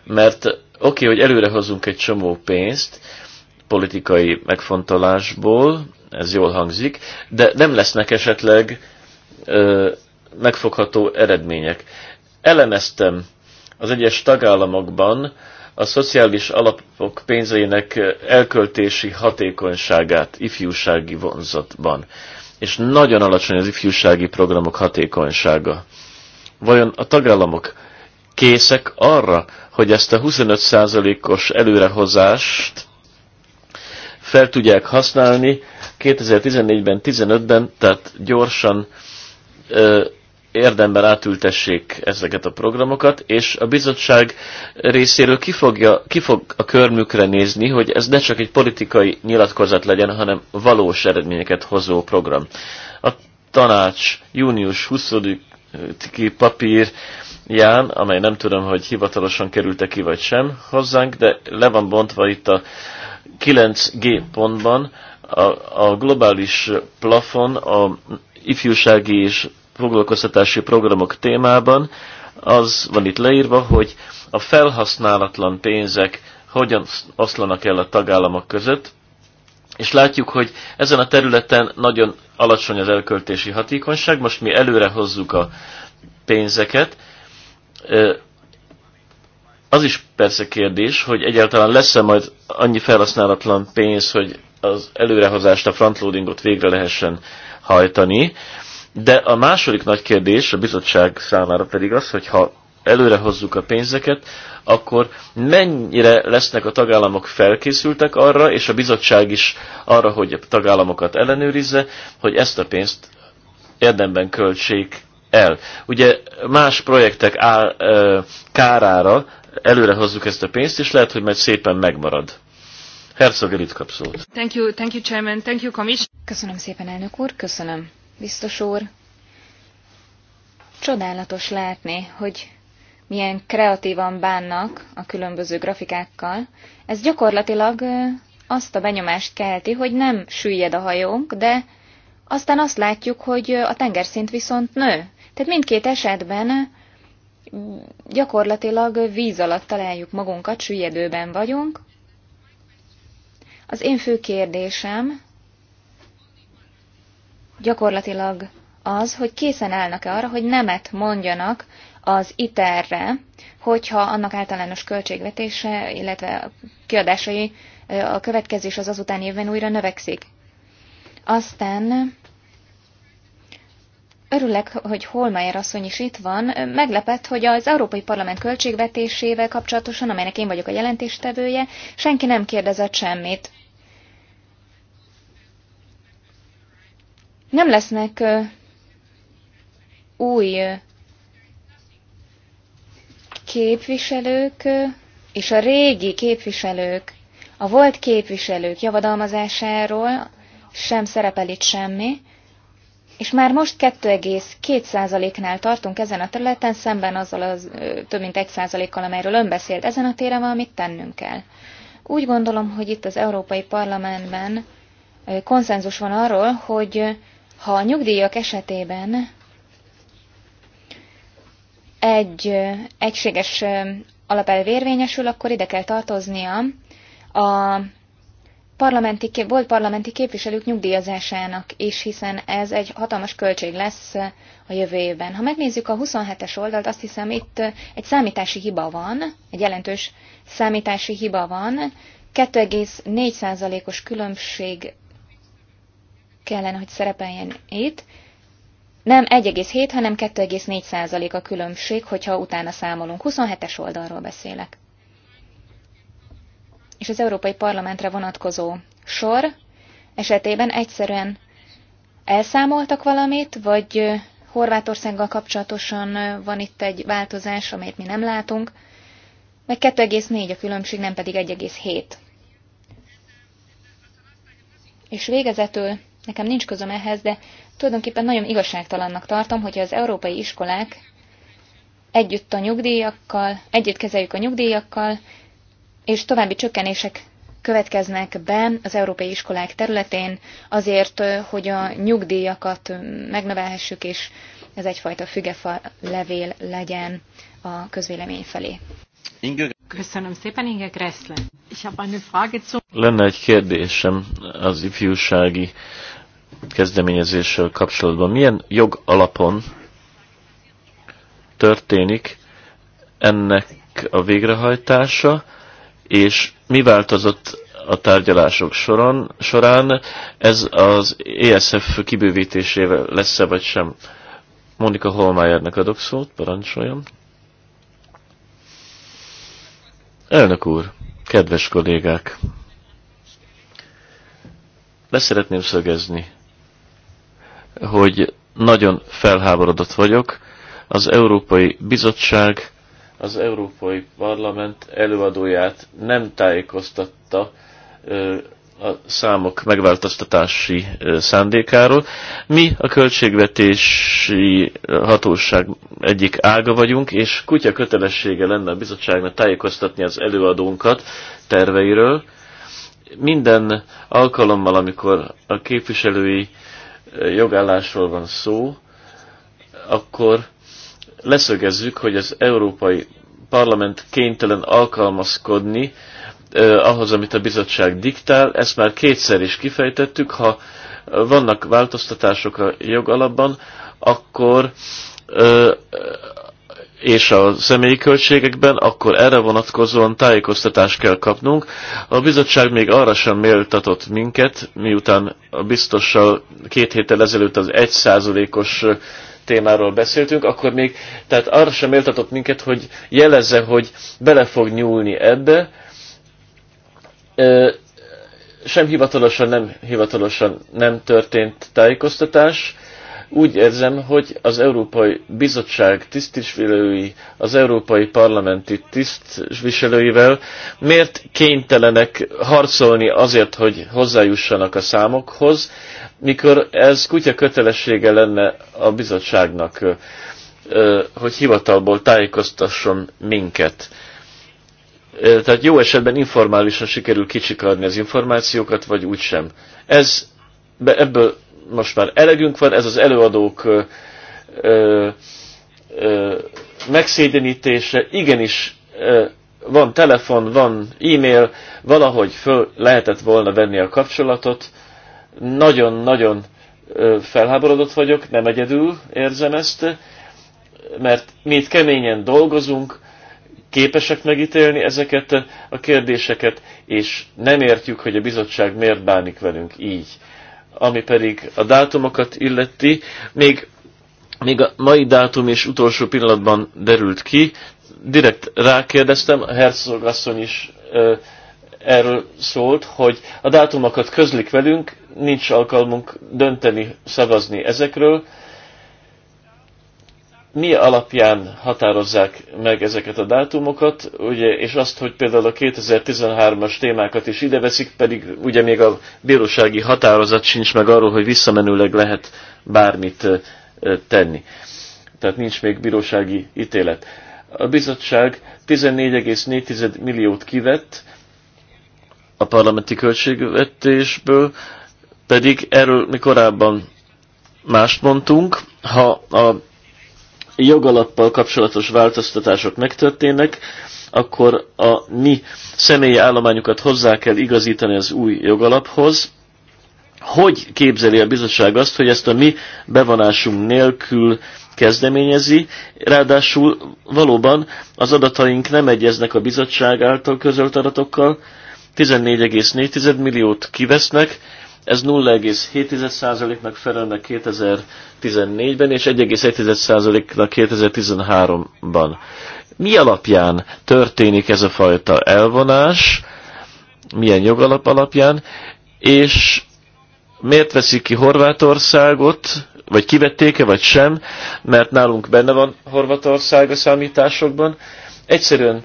Mert oké, okay, hogy előrehozunk egy csomó pénzt politikai megfontolásból, ez jól hangzik, de nem lesznek esetleg ö, megfogható eredmények. Elemeztem az egyes tagállamokban a szociális alapok pénzeinek elköltési hatékonyságát ifjúsági vonzatban, és nagyon alacsony az ifjúsági programok hatékonysága. Vajon a tagállamok készek arra, hogy ezt a 25%-os előrehozást fel tudják használni 2014-ben, 15-ben, tehát gyorsan érdemben átültessék ezeket a programokat, és a bizottság részéről ki, fogja, ki fog a körmükre nézni, hogy ez ne csak egy politikai nyilatkozat legyen, hanem valós eredményeket hozó program. A tanács június 20-i papírján, amely nem tudom, hogy hivatalosan került ki vagy sem hozzánk, de le van bontva itt a 9G pontban a, a globális plafon a ifjúsági és foglalkoztatási programok témában, az van itt leírva, hogy a felhasználatlan pénzek hogyan oszlanak el a tagállamok között, és látjuk, hogy ezen a területen nagyon alacsony az elköltési hatékonyság, most mi előre hozzuk a pénzeket. Az is persze kérdés, hogy egyáltalán lesz-e majd annyi felhasználatlan pénz, hogy az előrehozást, a frontloadingot végre lehessen hajtani. De a második nagy kérdés a bizottság számára pedig az, hogy ha előre hozzuk a pénzeket, akkor mennyire lesznek a tagállamok felkészültek arra, és a bizottság is arra, hogy a tagállamokat ellenőrizze, hogy ezt a pénzt érdemben költsék el. Ugye más projektek áll, ö, kárára előre hozzuk ezt a pénzt, és lehet, hogy majd szépen megmarad. Herzog Elit kap szót. Thank you, thank you, Chairman. Thank you, Commission. Köszönöm szépen, elnök úr. Köszönöm biztos úr. Csodálatos látni, hogy milyen kreatívan bánnak a különböző grafikákkal. Ez gyakorlatilag azt a benyomást kelti, hogy nem süllyed a hajónk, de aztán azt látjuk, hogy a tengerszint viszont nő. Tehát mindkét esetben gyakorlatilag víz alatt találjuk magunkat, süllyedőben vagyunk. Az én fő kérdésem gyakorlatilag az, hogy készen állnak-e arra, hogy nemet mondjanak az ITER-re, hogyha annak általános költségvetése, illetve kiadásai a következő és az azután évben újra növekszik. Aztán örülök, hogy Holmeier asszony is itt van. Meglepett, hogy az Európai Parlament költségvetésével kapcsolatosan, amelynek én vagyok a jelentéstevője, senki nem kérdezett semmit. nem lesznek új képviselők, és a régi képviselők, a volt képviselők javadalmazásáról sem szerepel itt semmi, és már most 2,2%-nál tartunk ezen a területen, szemben azzal az több mint 1%-kal, amelyről ön beszélt. Ezen a téren valamit tennünk kell. Úgy gondolom, hogy itt az Európai Parlamentben konszenzus van arról, hogy ha a nyugdíjak esetében egy egységes alapelv érvényesül, akkor ide kell tartoznia a parlamenti, volt parlamenti képviselők nyugdíjazásának is, hiszen ez egy hatalmas költség lesz a jövő évben. Ha megnézzük a 27-es oldalt, azt hiszem itt egy számítási hiba van, egy jelentős számítási hiba van, 2,4%-os különbség kellene, hogy szerepeljen itt. Nem 1,7, hanem 2,4 a különbség, hogyha utána számolunk. 27-es oldalról beszélek. És az Európai Parlamentre vonatkozó sor esetében egyszerűen elszámoltak valamit, vagy Horvátországgal kapcsolatosan van itt egy változás, amelyet mi nem látunk, meg 2,4 a különbség, nem pedig 1,7. És végezetül nekem nincs közöm ehhez, de tulajdonképpen nagyon igazságtalannak tartom, hogyha az európai iskolák együtt a nyugdíjakkal, együtt kezeljük a nyugdíjakkal, és további csökkenések következnek be az európai iskolák területén azért, hogy a nyugdíjakat megnövelhessük, és ez egyfajta fügefa levél legyen a közvélemény felé. Inge. Köszönöm szépen, Inge Kressler. Lenne egy kérdésem az ifjúsági kezdeményezéssel kapcsolatban. Milyen jog alapon történik ennek a végrehajtása, és mi változott a tárgyalások soron, során? Ez az ESF kibővítésével lesz-e vagy sem? Monika Holmájernek adok szót, parancsoljam. Elnök úr, kedves kollégák! Leszeretném szögezni, hogy nagyon felháborodott vagyok. Az Európai Bizottság, az Európai Parlament előadóját nem tájékoztatta a számok megváltoztatási szándékáról. Mi a költségvetési hatóság egyik ága vagyunk, és kutya kötelessége lenne a bizottságnak tájékoztatni az előadónkat terveiről. Minden alkalommal, amikor a képviselői jogállásról van szó, akkor leszögezzük, hogy az Európai Parlament kénytelen alkalmazkodni ahhoz, amit a bizottság diktál. Ezt már kétszer is kifejtettük. Ha vannak változtatások a jogalapban, akkor és a személyi költségekben, akkor erre vonatkozóan tájékoztatást kell kapnunk. A bizottság még arra sem méltatott minket, miután a biztossal két héttel ezelőtt az egy os témáról beszéltünk, akkor még, tehát arra sem méltatott minket, hogy jelezze, hogy bele fog nyúlni ebbe, sem hivatalosan, nem hivatalosan nem történt tájékoztatás, úgy érzem, hogy az Európai Bizottság tisztviselői, az Európai Parlamenti tisztviselőivel miért kénytelenek harcolni azért, hogy hozzájussanak a számokhoz, mikor ez kutya kötelessége lenne a bizottságnak, hogy hivatalból tájékoztasson minket. Tehát jó esetben informálisan sikerül kicsikarni az információkat, vagy úgysem. Ez, ebből most már elegünk van, ez az előadók ö, ö, megszédenítése, igenis ö, van telefon, van e-mail, valahogy föl lehetett volna venni a kapcsolatot. Nagyon-nagyon felháborodott vagyok, nem egyedül érzem ezt, mert mi itt keményen dolgozunk, képesek megítélni ezeket a kérdéseket, és nem értjük, hogy a bizottság miért bánik velünk így ami pedig a dátumokat illeti. Még, még a mai dátum és utolsó pillanatban derült ki. Direkt rákérdeztem, a Herzog asszony is ö, erről szólt, hogy a dátumokat közlik velünk, nincs alkalmunk dönteni, szavazni ezekről, mi alapján határozzák meg ezeket a dátumokat, ugye, és azt, hogy például a 2013-as témákat is ide veszik, pedig ugye még a bírósági határozat sincs meg arról, hogy visszamenőleg lehet bármit tenni. Tehát nincs még bírósági ítélet. A bizottság 14,4 milliót kivett a parlamenti költségvetésből, pedig erről mi korábban mást mondtunk. Ha a jogalappal kapcsolatos változtatások megtörténnek, akkor a mi személyi állományukat hozzá kell igazítani az új jogalaphoz. Hogy képzeli a bizottság azt, hogy ezt a mi bevonásunk nélkül kezdeményezi, ráadásul valóban az adataink nem egyeznek a bizottság által közölt adatokkal, 14,4 milliót kivesznek, ez 0,7%-nak felelne 2014-ben, és 1,1%-nak 2013-ban. Mi alapján történik ez a fajta elvonás, milyen jogalap alapján, és miért veszik ki Horvátországot, vagy kivették-e, vagy sem, mert nálunk benne van Horvátország a számításokban. Egyszerűen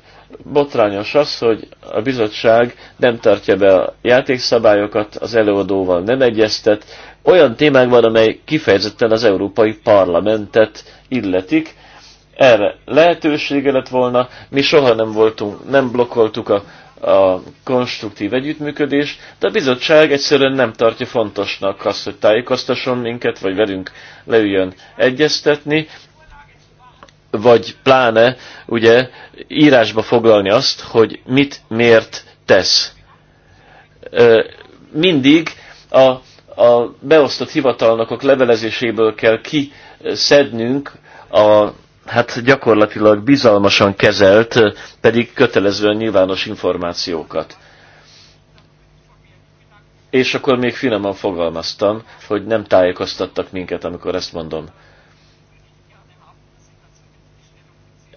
botrányos az, hogy a bizottság nem tartja be a játékszabályokat, az előadóval nem egyeztet, olyan témákban, amely kifejezetten az Európai Parlamentet illetik. Erre lehetősége lett volna, mi soha nem voltunk, nem blokkoltuk a, a konstruktív együttműködést, de a bizottság egyszerűen nem tartja fontosnak azt, hogy tájékoztasson minket, vagy velünk leüljön egyeztetni, vagy pláne ugye írásba foglalni azt, hogy mit miért tesz. Mindig a, a beosztott hivatalnokok levelezéséből kell kiszednünk a hát gyakorlatilag bizalmasan kezelt, pedig kötelezően nyilvános információkat. És akkor még finoman fogalmaztam, hogy nem tájékoztattak minket, amikor ezt mondom.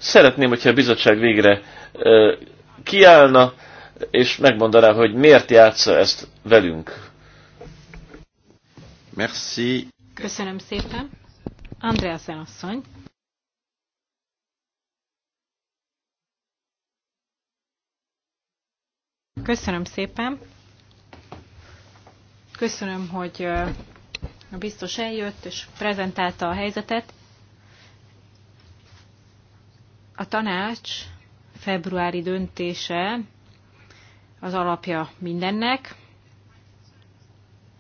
Szeretném, hogyha a bizottság végre kiállna, és megmondaná, hogy miért játsza ezt velünk. Merci. Köszönöm szépen. Andreas asszony. Köszönöm szépen. Köszönöm, hogy a biztos eljött és prezentálta a helyzetet. A tanács februári döntése az alapja mindennek,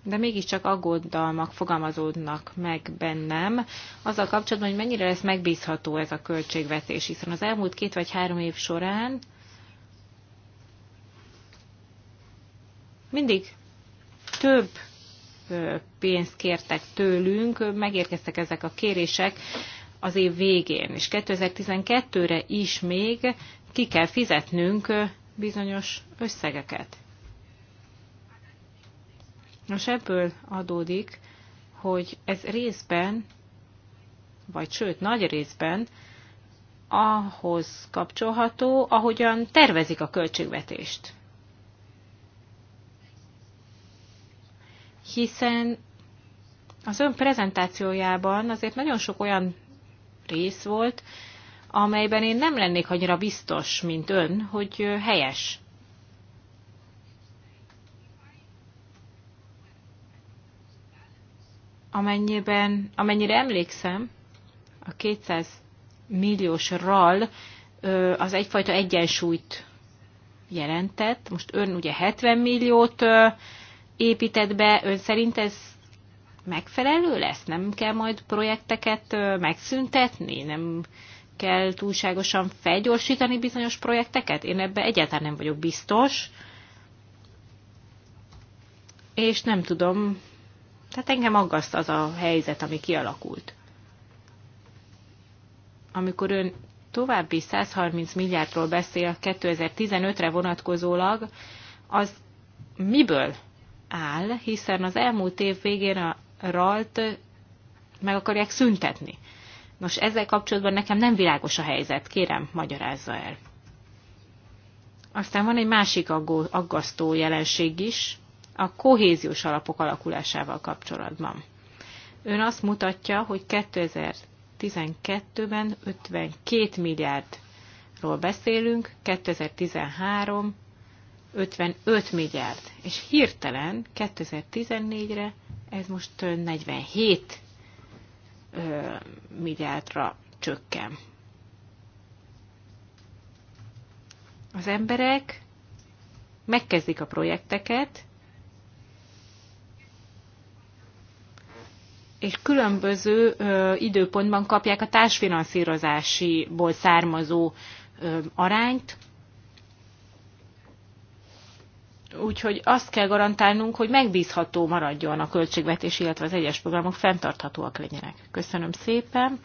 de mégiscsak aggodalmak fogalmazódnak meg bennem azzal kapcsolatban, hogy mennyire lesz megbízható ez a költségvetés, hiszen az elmúlt két vagy három év során mindig több pénzt kértek tőlünk, megérkeztek ezek a kérések az év végén, és 2012-re is még ki kell fizetnünk bizonyos összegeket. Nos, ebből adódik, hogy ez részben, vagy sőt, nagy részben ahhoz kapcsolható, ahogyan tervezik a költségvetést. Hiszen az ön prezentációjában azért nagyon sok olyan rész volt, amelyben én nem lennék annyira biztos, mint ön, hogy helyes. Amennyiben, amennyire emlékszem, a 200 milliós RAL az egyfajta egyensúlyt jelentett. Most ön ugye 70 milliót épített be, ön szerint ez megfelelő lesz? Nem kell majd projekteket megszüntetni? Nem kell túlságosan felgyorsítani bizonyos projekteket? Én ebbe egyáltalán nem vagyok biztos. És nem tudom, tehát engem aggaszt az a helyzet, ami kialakult. Amikor ön további 130 milliárdról beszél 2015-re vonatkozólag, az miből áll, hiszen az elmúlt év végén a ralt meg akarják szüntetni. Nos, ezzel kapcsolatban nekem nem világos a helyzet, kérem, magyarázza el. Aztán van egy másik aggasztó jelenség is, a kohéziós alapok alakulásával kapcsolatban. Ön azt mutatja, hogy 2012-ben 52 milliárdról beszélünk, 2013 55 milliárd, és hirtelen 2014-re ez most 47 milliárdra csökken. Az emberek megkezdik a projekteket, és különböző ö, időpontban kapják a társfinanszírozásiból származó ö, arányt, Úgyhogy azt kell garantálnunk, hogy megbízható maradjon a költségvetés, illetve az egyes programok fenntarthatóak legyenek. Köszönöm szépen.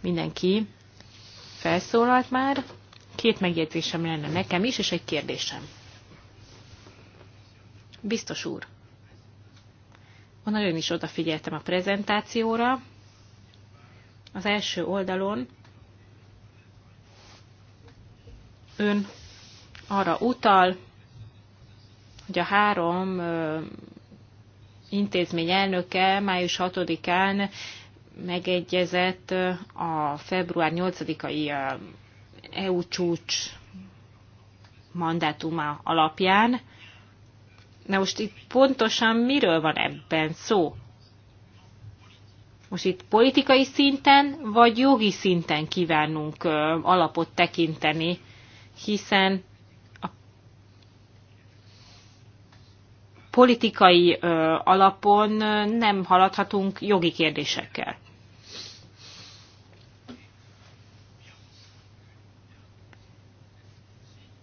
Mindenki felszólalt már. Két megjegyzésem lenne nekem is, és egy kérdésem. Biztos úr, nagyon is odafigyeltem a prezentációra. Az első oldalon ön arra utal, hogy a három intézmény elnöke május 6-án megegyezett a február 8-ai EU csúcs mandátuma alapján. Na most itt pontosan miről van ebben szó? Most itt politikai szinten vagy jogi szinten kívánunk alapot tekinteni, hiszen politikai alapon nem haladhatunk jogi kérdésekkel.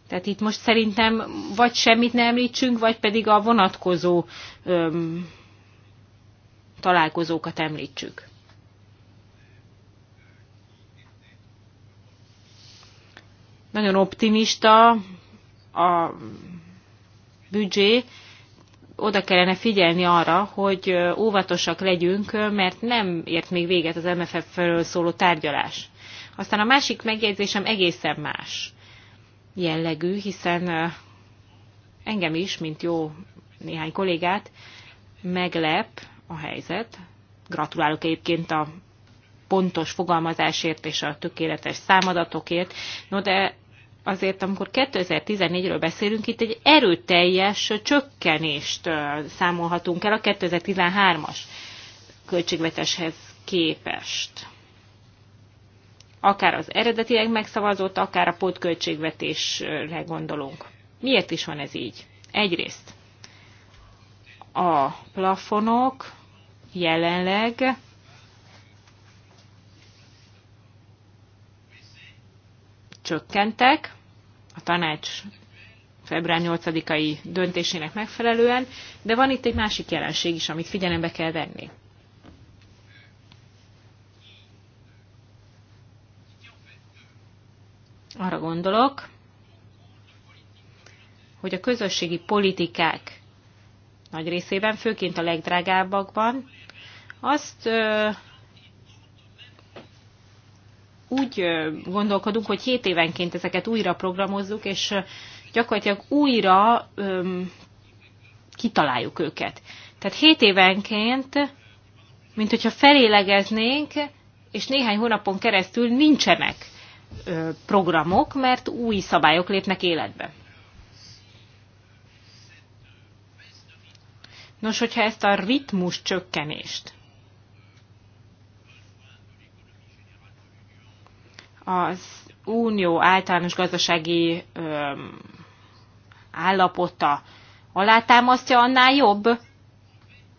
Tehát itt most szerintem vagy semmit nem említsünk, vagy pedig a vonatkozó öm, találkozókat említsük. Nagyon optimista a büdzsé, oda kellene figyelni arra, hogy óvatosak legyünk, mert nem ért még véget az MFF-ről szóló tárgyalás. Aztán a másik megjegyzésem egészen más jellegű, hiszen engem is, mint jó néhány kollégát, meglep a helyzet. Gratulálok egyébként a pontos fogalmazásért és a tökéletes számadatokért. No de azért, amikor 2014-ről beszélünk, itt egy erőteljes csökkenést számolhatunk el a 2013-as költségvetéshez képest. Akár az eredetileg megszavazott, akár a pótköltségvetésre gondolunk. Miért is van ez így? Egyrészt a plafonok jelenleg csökkentek, a tanács február 8-ai döntésének megfelelően, de van itt egy másik jelenség is, amit figyelembe kell venni. Arra gondolok, hogy a közösségi politikák nagy részében, főként a legdrágábbakban, azt úgy gondolkodunk, hogy 7 évenként ezeket újra programozzuk, és gyakorlatilag újra öm, kitaláljuk őket. Tehát 7 évenként, mint hogyha felélegeznénk, és néhány hónapon keresztül nincsenek ö, programok, mert új szabályok lépnek életbe. Nos, hogyha ezt a ritmus csökkenést az unió általános gazdasági állapota alátámasztja, annál jobb.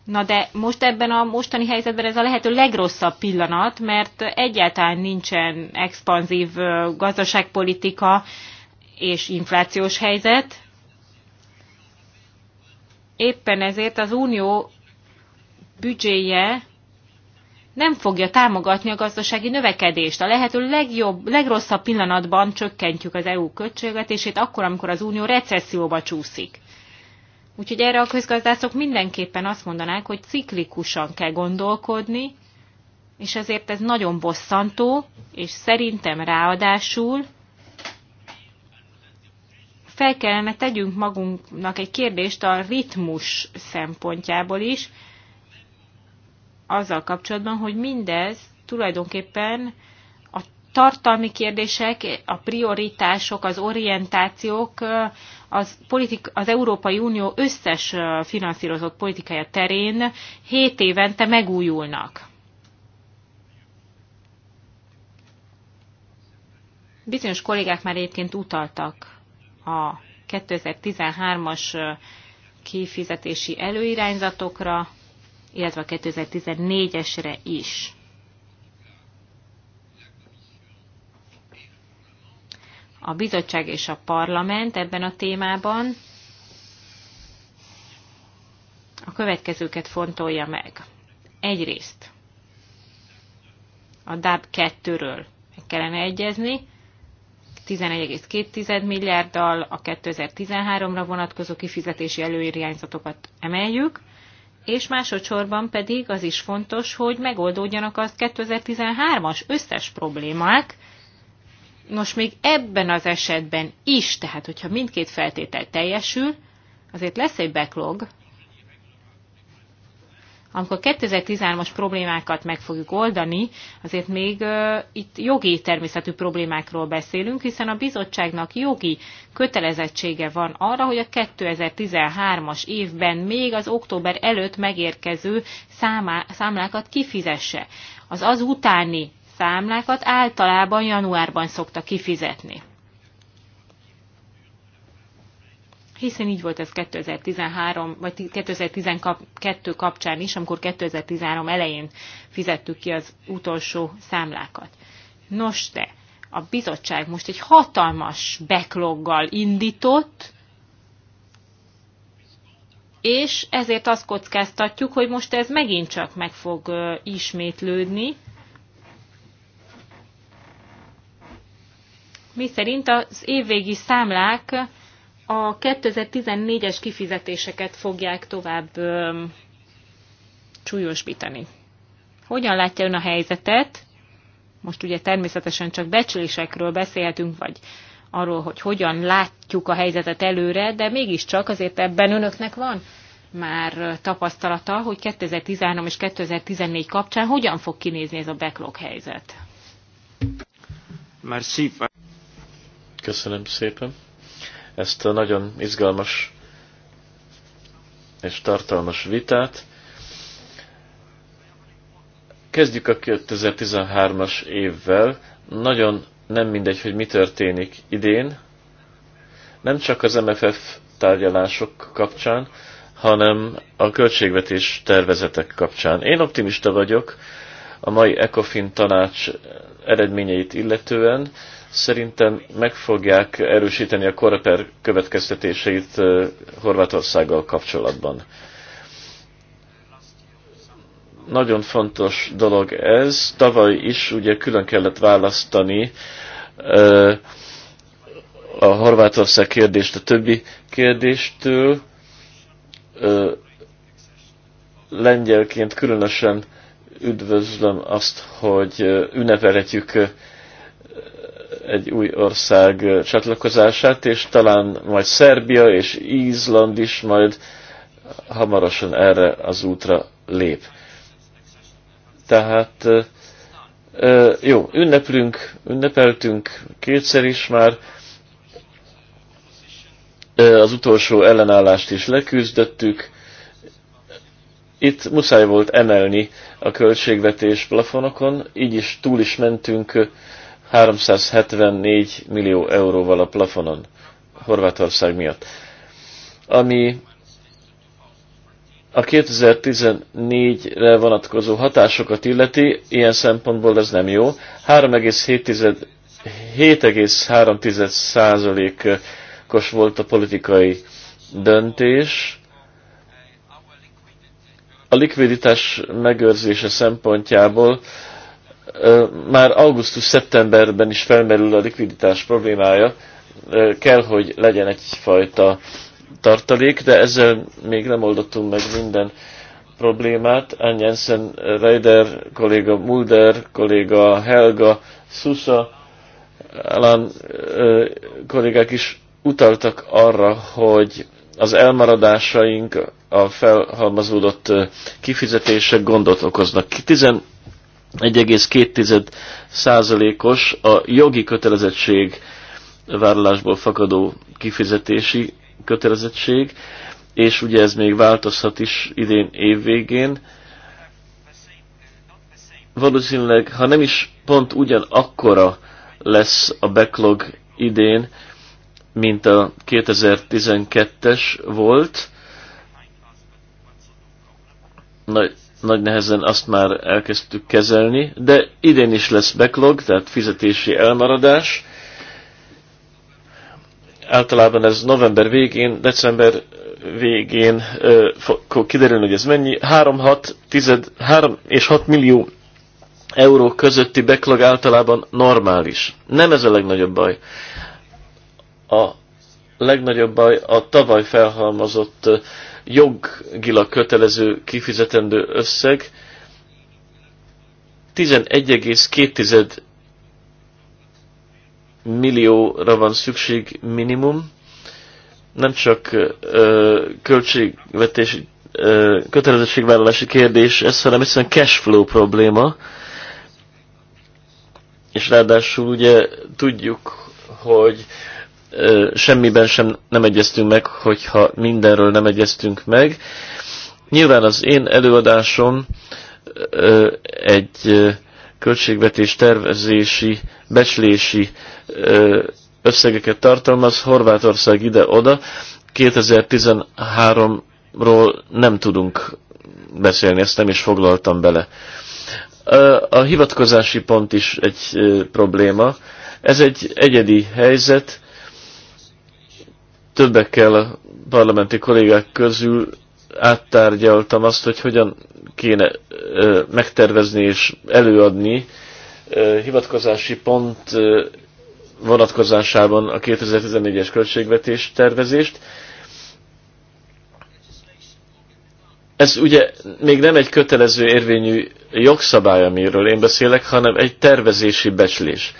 Na de most ebben a mostani helyzetben ez a lehető legrosszabb pillanat, mert egyáltalán nincsen expanzív gazdaságpolitika és inflációs helyzet. Éppen ezért az unió büdzséje nem fogja támogatni a gazdasági növekedést. A lehető legjobb, legrosszabb pillanatban csökkentjük az EU költségvetését, akkor, amikor az unió recesszióba csúszik. Úgyhogy erre a közgazdászok mindenképpen azt mondanák, hogy ciklikusan kell gondolkodni, és ezért ez nagyon bosszantó, és szerintem ráadásul fel kellene tegyünk magunknak egy kérdést a ritmus szempontjából is, azzal kapcsolatban, hogy mindez tulajdonképpen a tartalmi kérdések, a prioritások, az orientációk az, politik, az Európai Unió összes finanszírozott politikája terén 7 évente megújulnak. Bizonyos kollégák már egyébként utaltak a 2013-as kifizetési előirányzatokra, illetve a 2014-esre is. A bizottság és a parlament ebben a témában a következőket fontolja meg. Egyrészt a DAB 2-ről meg kellene egyezni, 11,2 milliárddal a 2013-ra vonatkozó kifizetési előirányzatokat emeljük, és másodszorban pedig az is fontos, hogy megoldódjanak az 2013-as összes problémák, Nos, még ebben az esetben is, tehát hogyha mindkét feltétel teljesül, azért lesz egy backlog, amikor 2013-as problémákat meg fogjuk oldani, azért még uh, itt jogi természetű problémákról beszélünk, hiszen a bizottságnak jogi kötelezettsége van arra, hogy a 2013-as évben még az október előtt megérkező számá, számlákat kifizesse. Az az utáni számlákat általában januárban szokta kifizetni. hiszen így volt ez 2013 vagy 2012 kapcsán is, amikor 2013 elején fizettük ki az utolsó számlákat. Nos de, a bizottság most egy hatalmas backloggal indított, és ezért azt kockáztatjuk, hogy most ez megint csak meg fog ismétlődni, mi szerint az évvégi számlák a 2014-es kifizetéseket fogják tovább ö, súlyosbítani. Hogyan látja ön a helyzetet? Most ugye természetesen csak becslésekről beszélhetünk, vagy arról, hogy hogyan látjuk a helyzetet előre, de mégiscsak azért ebben önöknek van már tapasztalata, hogy 2013 és 2014 kapcsán hogyan fog kinézni ez a backlog helyzet. Merci. Köszönöm szépen ezt a nagyon izgalmas és tartalmas vitát. Kezdjük a 2013-as évvel. Nagyon nem mindegy, hogy mi történik idén. Nem csak az MFF tárgyalások kapcsán, hanem a költségvetés tervezetek kapcsán. Én optimista vagyok a mai ECOFIN tanács eredményeit illetően, Szerintem meg fogják erősíteni a koraper következtetéseit Horvátországgal kapcsolatban. Nagyon fontos dolog ez. Tavaly is ugye külön kellett választani a Horvátország kérdést a többi kérdéstől. Lengyelként különösen üdvözlöm azt, hogy ünnepelhetjük egy új ország csatlakozását, és talán majd Szerbia és Ízland is majd hamarosan erre az útra lép. Tehát jó, ünneplünk, ünnepeltünk kétszer is már, az utolsó ellenállást is leküzdöttük, itt muszáj volt emelni a költségvetés plafonokon, így is túl is mentünk 374 millió euróval a plafonon Horvátország miatt. Ami a 2014-re vonatkozó hatásokat illeti, ilyen szempontból ez nem jó. 7,3%-os volt a politikai döntés. A likviditás megőrzése szempontjából már augusztus-szeptemberben is felmerül a likviditás problémája, kell, hogy legyen egyfajta tartalék, de ezzel még nem oldottunk meg minden problémát. Anjensen, Reider kolléga, Mulder kolléga, Helga, Susa, Alan kollégák is utaltak arra, hogy az elmaradásaink, a felhalmazódott kifizetések gondot okoznak. 1,2%-os a jogi kötelezettség vállalásból fakadó kifizetési kötelezettség, és ugye ez még változhat is idén évvégén. Valószínűleg, ha nem is pont ugyanakkora lesz a backlog idén, mint a 2012-es volt, nagy, nagy nehezen azt már elkezdtük kezelni, de idén is lesz backlog, tehát fizetési elmaradás. Általában ez november végén, december végén fog kiderülni, hogy ez mennyi. 3-6, 10, 3 és 6 millió euró közötti backlog általában normális. Nem ez a legnagyobb baj. A legnagyobb baj a tavaly felhalmozott jogilag kötelező kifizetendő összeg 11,2 millióra van szükség minimum, nem csak ö, költségvetési ö, kötelezettségvállalási kérdés ez, hanem egyszerűen cash flow probléma, és ráadásul ugye tudjuk, hogy semmiben sem nem egyeztünk meg, hogyha mindenről nem egyeztünk meg. Nyilván az én előadásom egy költségvetés tervezési, becslési összegeket tartalmaz, Horvátország ide-oda, 2013-ról nem tudunk beszélni, ezt nem is foglaltam bele. A hivatkozási pont is egy probléma. Ez egy egyedi helyzet, többekkel a parlamenti kollégák közül áttárgyaltam azt, hogy hogyan kéne ö, megtervezni és előadni ö, hivatkozási pont ö, vonatkozásában a 2014-es költségvetés tervezést. Ez ugye még nem egy kötelező érvényű jogszabály, amiről én beszélek, hanem egy tervezési becslés.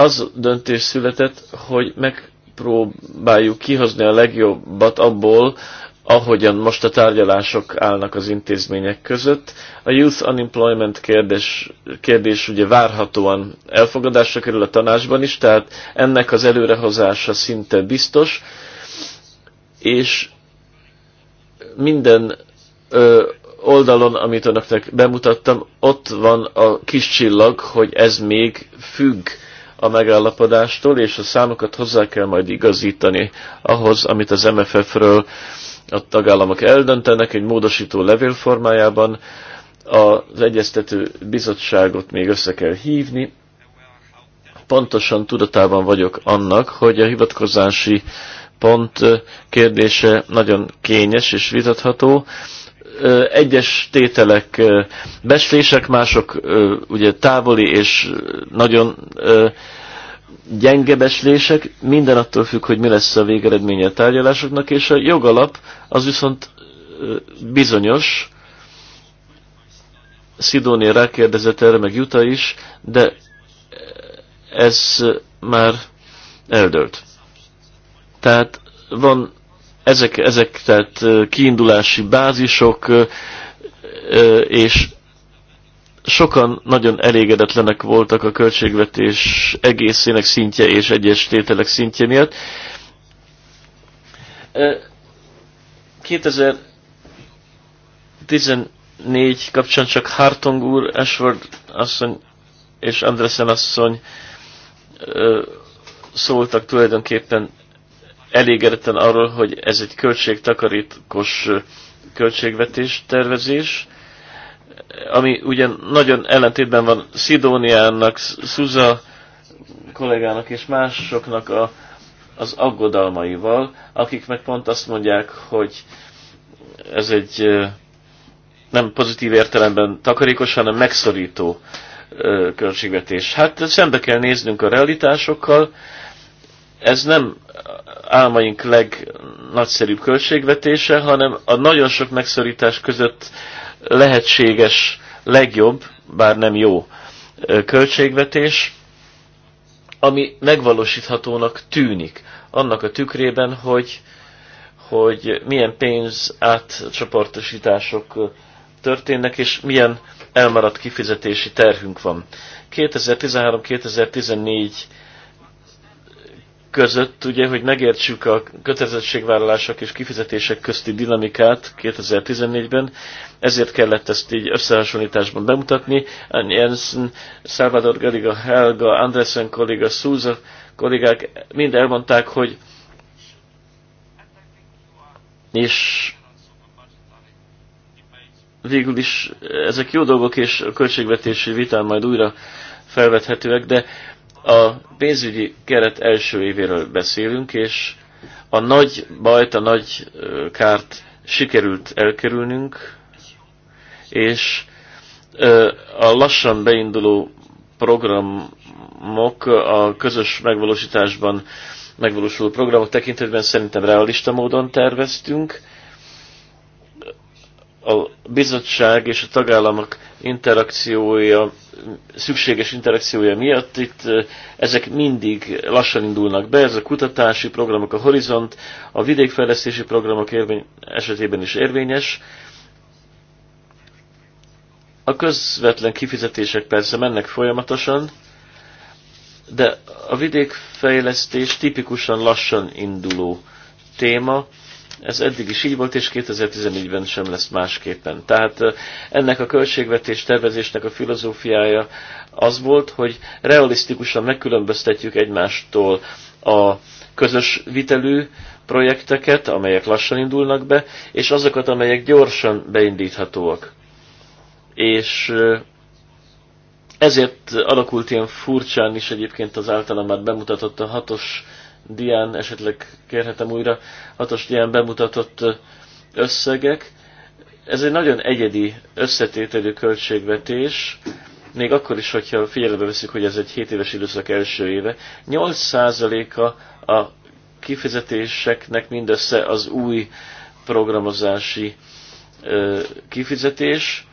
az döntés született, hogy megpróbáljuk kihozni a legjobbat abból, ahogyan most a tárgyalások állnak az intézmények között. A youth unemployment kérdés, kérdés ugye várhatóan elfogadásra kerül a tanácsban is, tehát ennek az előrehozása szinte biztos, és minden ö, oldalon, amit önöknek bemutattam, ott van a kis csillag, hogy ez még függ a megállapodástól, és a számokat hozzá kell majd igazítani ahhoz, amit az MFF-ről a tagállamok eldöntenek egy módosító levél formájában. Az egyeztető bizottságot még össze kell hívni. Pontosan tudatában vagyok annak, hogy a hivatkozási pont kérdése nagyon kényes és vitatható egyes tételek beszélések mások ugye távoli és nagyon gyenge beszélések. minden attól függ, hogy mi lesz a végeredménye a tárgyalásoknak, és a jogalap az viszont bizonyos, Szidónia rákérdezett erre, meg Juta is, de ez már eldőlt. Tehát van ezek, ezek tehát kiindulási bázisok, és sokan nagyon elégedetlenek voltak a költségvetés egészének szintje és egyes tételek szintje miatt. 2014 kapcsán csak Hartong úr, Ashford asszony és Andresen asszony szóltak tulajdonképpen elégedetten arról, hogy ez egy költségtakarítkos költségvetés tervezés, ami ugyan nagyon ellentétben van Szidóniának, Szuza kollégának és másoknak a, az aggodalmaival, akik meg pont azt mondják, hogy ez egy nem pozitív értelemben takarékos, hanem megszorító költségvetés. Hát szembe kell néznünk a realitásokkal, ez nem álmaink legnagyszerűbb költségvetése, hanem a nagyon sok megszorítás között lehetséges legjobb, bár nem jó költségvetés, ami megvalósíthatónak tűnik. Annak a tükrében, hogy, hogy milyen pénz átcsoportosítások történnek, és milyen elmaradt kifizetési terhünk van. 2013-2014 között, ugye, hogy megértsük a kötelezettségvállalások és kifizetések közti dinamikát 2014-ben, ezért kellett ezt így összehasonlításban bemutatni. Ann Jensen, Salvador Garriga, Helga, Andresen kolléga, Souza kollégák mind elmondták, hogy és végül is ezek jó dolgok, és a költségvetési vitán majd újra felvethetőek, de a pénzügyi keret első évéről beszélünk, és a nagy bajt, a nagy kárt sikerült elkerülnünk, és a lassan beinduló programok, a közös megvalósításban megvalósuló programok tekintetben szerintem realista módon terveztünk, a bizottság és a tagállamok interakciója, szükséges interakciója miatt itt ezek mindig lassan indulnak be, ez a kutatási programok, a Horizont, a vidékfejlesztési programok érvény, esetében is érvényes. A közvetlen kifizetések persze mennek folyamatosan, de a vidékfejlesztés tipikusan lassan induló téma, ez eddig is így volt, és 2014-ben sem lesz másképpen. Tehát ennek a költségvetés tervezésnek a filozófiája az volt, hogy realisztikusan megkülönböztetjük egymástól a közös vitelű projekteket, amelyek lassan indulnak be, és azokat, amelyek gyorsan beindíthatóak. És ezért alakult ilyen furcsán is egyébként az általam már bemutatott a hatos dián esetleg kérhetem újra, hatos dián bemutatott összegek. Ez egy nagyon egyedi összetételű költségvetés, még akkor is, hogyha figyelembe veszük, hogy ez egy 7 éves időszak első éve, 8%-a a kifizetéseknek mindössze az új programozási kifizetés,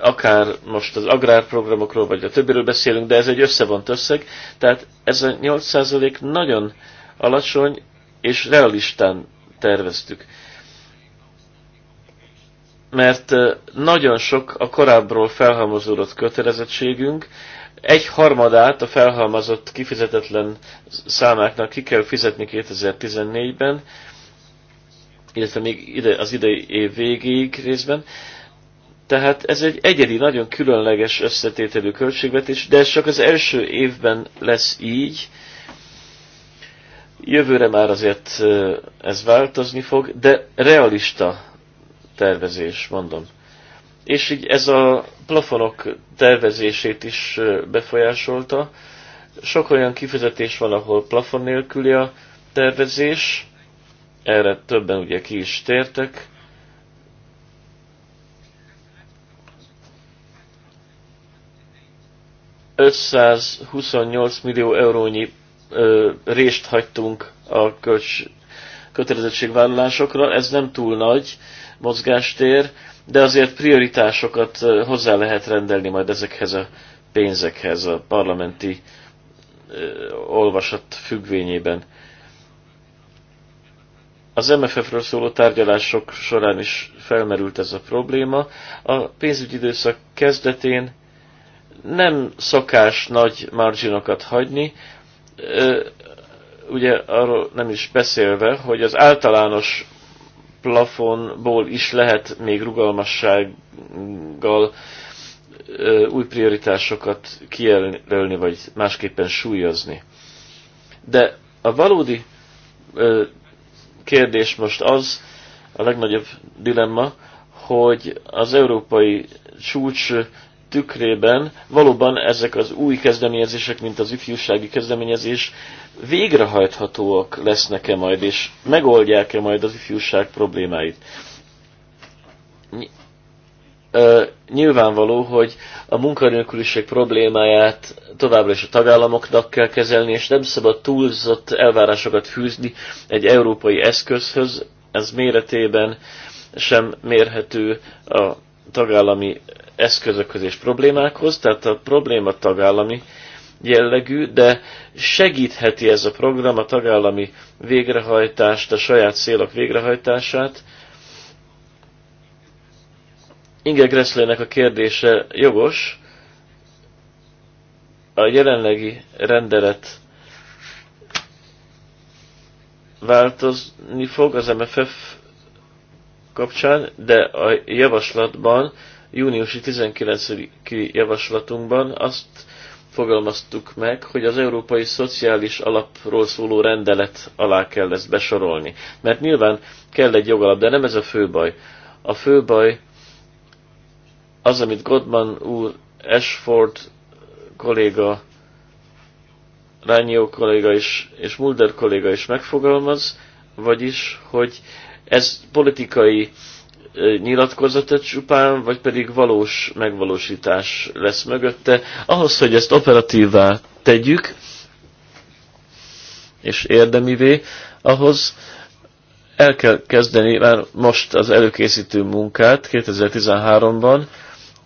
akár most az agrárprogramokról, vagy a többiről beszélünk, de ez egy összevont összeg, tehát ez a 8% nagyon alacsony, és realistán terveztük. Mert nagyon sok a korábbról felhalmozódott kötelezettségünk, egy harmadát a felhalmazott kifizetetlen számáknak ki kell fizetni 2014-ben, illetve még ide, az idei év végéig részben. Tehát ez egy egyedi, nagyon különleges összetételű költségvetés, de ez csak az első évben lesz így. Jövőre már azért ez változni fog, de realista tervezés, mondom. És így ez a plafonok tervezését is befolyásolta. Sok olyan kifizetés van, ahol plafon nélküli a tervezés, erre többen ugye ki is tértek, 528 millió eurónyi ö, rést hagytunk a kölcs, kötelezettségvállalásokra. Ez nem túl nagy mozgástér, de azért prioritásokat hozzá lehet rendelni majd ezekhez a pénzekhez a parlamenti ö, olvasat függvényében. Az MFF-ről szóló tárgyalások során is felmerült ez a probléma. A pénzügyi időszak kezdetén nem szokás nagy marginokat hagyni, ugye arról nem is beszélve, hogy az általános plafonból is lehet még rugalmassággal új prioritásokat kijelölni, vagy másképpen súlyozni. De a valódi kérdés most az, a legnagyobb dilemma, hogy az európai csúcs tükrében valóban ezek az új kezdeményezések, mint az ifjúsági kezdeményezés végrehajthatóak lesznek-e majd, és megoldják-e majd az ifjúság problémáit. Nyilvánvaló, hogy a munkanélküliség problémáját továbbra is a tagállamoknak kell kezelni, és nem szabad túlzott elvárásokat fűzni egy európai eszközhöz, ez méretében sem mérhető a tagállami eszközökhöz és problémákhoz, tehát a probléma tagállami jellegű, de segítheti ez a program a tagállami végrehajtást, a saját célok végrehajtását. Inge Gresslének a kérdése jogos. A jelenlegi rendelet változni fog az MFF kapcsán, de a javaslatban, júniusi 19 javaslatunkban azt fogalmaztuk meg, hogy az Európai Szociális Alapról szóló rendelet alá kell ezt besorolni. Mert nyilván kell egy jogalap, de nem ez a fő baj. A fő baj az, amit Godman úr, Ashford kolléga, Rányó kolléga is, és Mulder kolléga is megfogalmaz, vagyis, hogy ez politikai nyilatkozata csupán, vagy pedig valós megvalósítás lesz mögötte. Ahhoz, hogy ezt operatívvá tegyük, és érdemivé, ahhoz el kell kezdeni már most az előkészítő munkát 2013-ban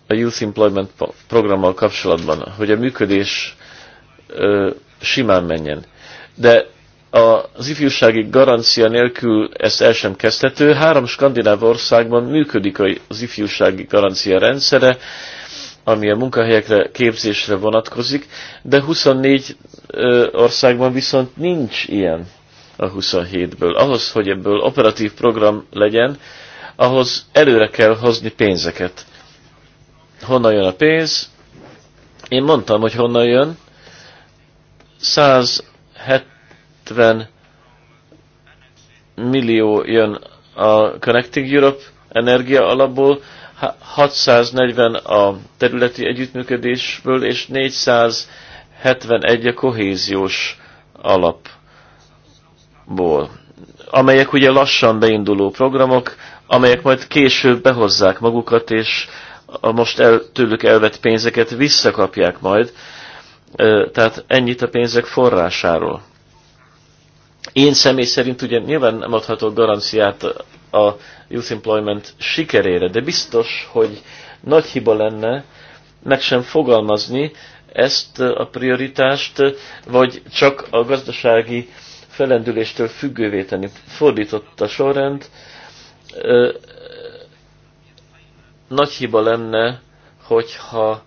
a Youth Employment programmal kapcsolatban, hogy a működés ö, simán menjen. De az ifjúsági garancia nélkül ezt el sem kezdhető. Három skandináv országban működik az ifjúsági garancia rendszere, ami a munkahelyekre, képzésre vonatkozik, de 24 országban viszont nincs ilyen a 27-ből. Ahhoz, hogy ebből operatív program legyen, ahhoz előre kell hozni pénzeket. Honnan jön a pénz? Én mondtam, hogy honnan jön. 107 70 millió jön a Connecting Europe energia alapból, 640 a területi együttműködésből, és 471 a kohéziós alapból, amelyek ugye lassan beinduló programok, amelyek majd később behozzák magukat, és a most el, tőlük elvett pénzeket visszakapják majd. Tehát ennyit a pénzek forrásáról. Én személy szerint ugye nyilván nem adhatok garanciát a Youth Employment sikerére, de biztos, hogy nagy hiba lenne meg sem fogalmazni ezt a prioritást, vagy csak a gazdasági felendüléstől függővé tenni. Fordított a sorrend, nagy hiba lenne, hogyha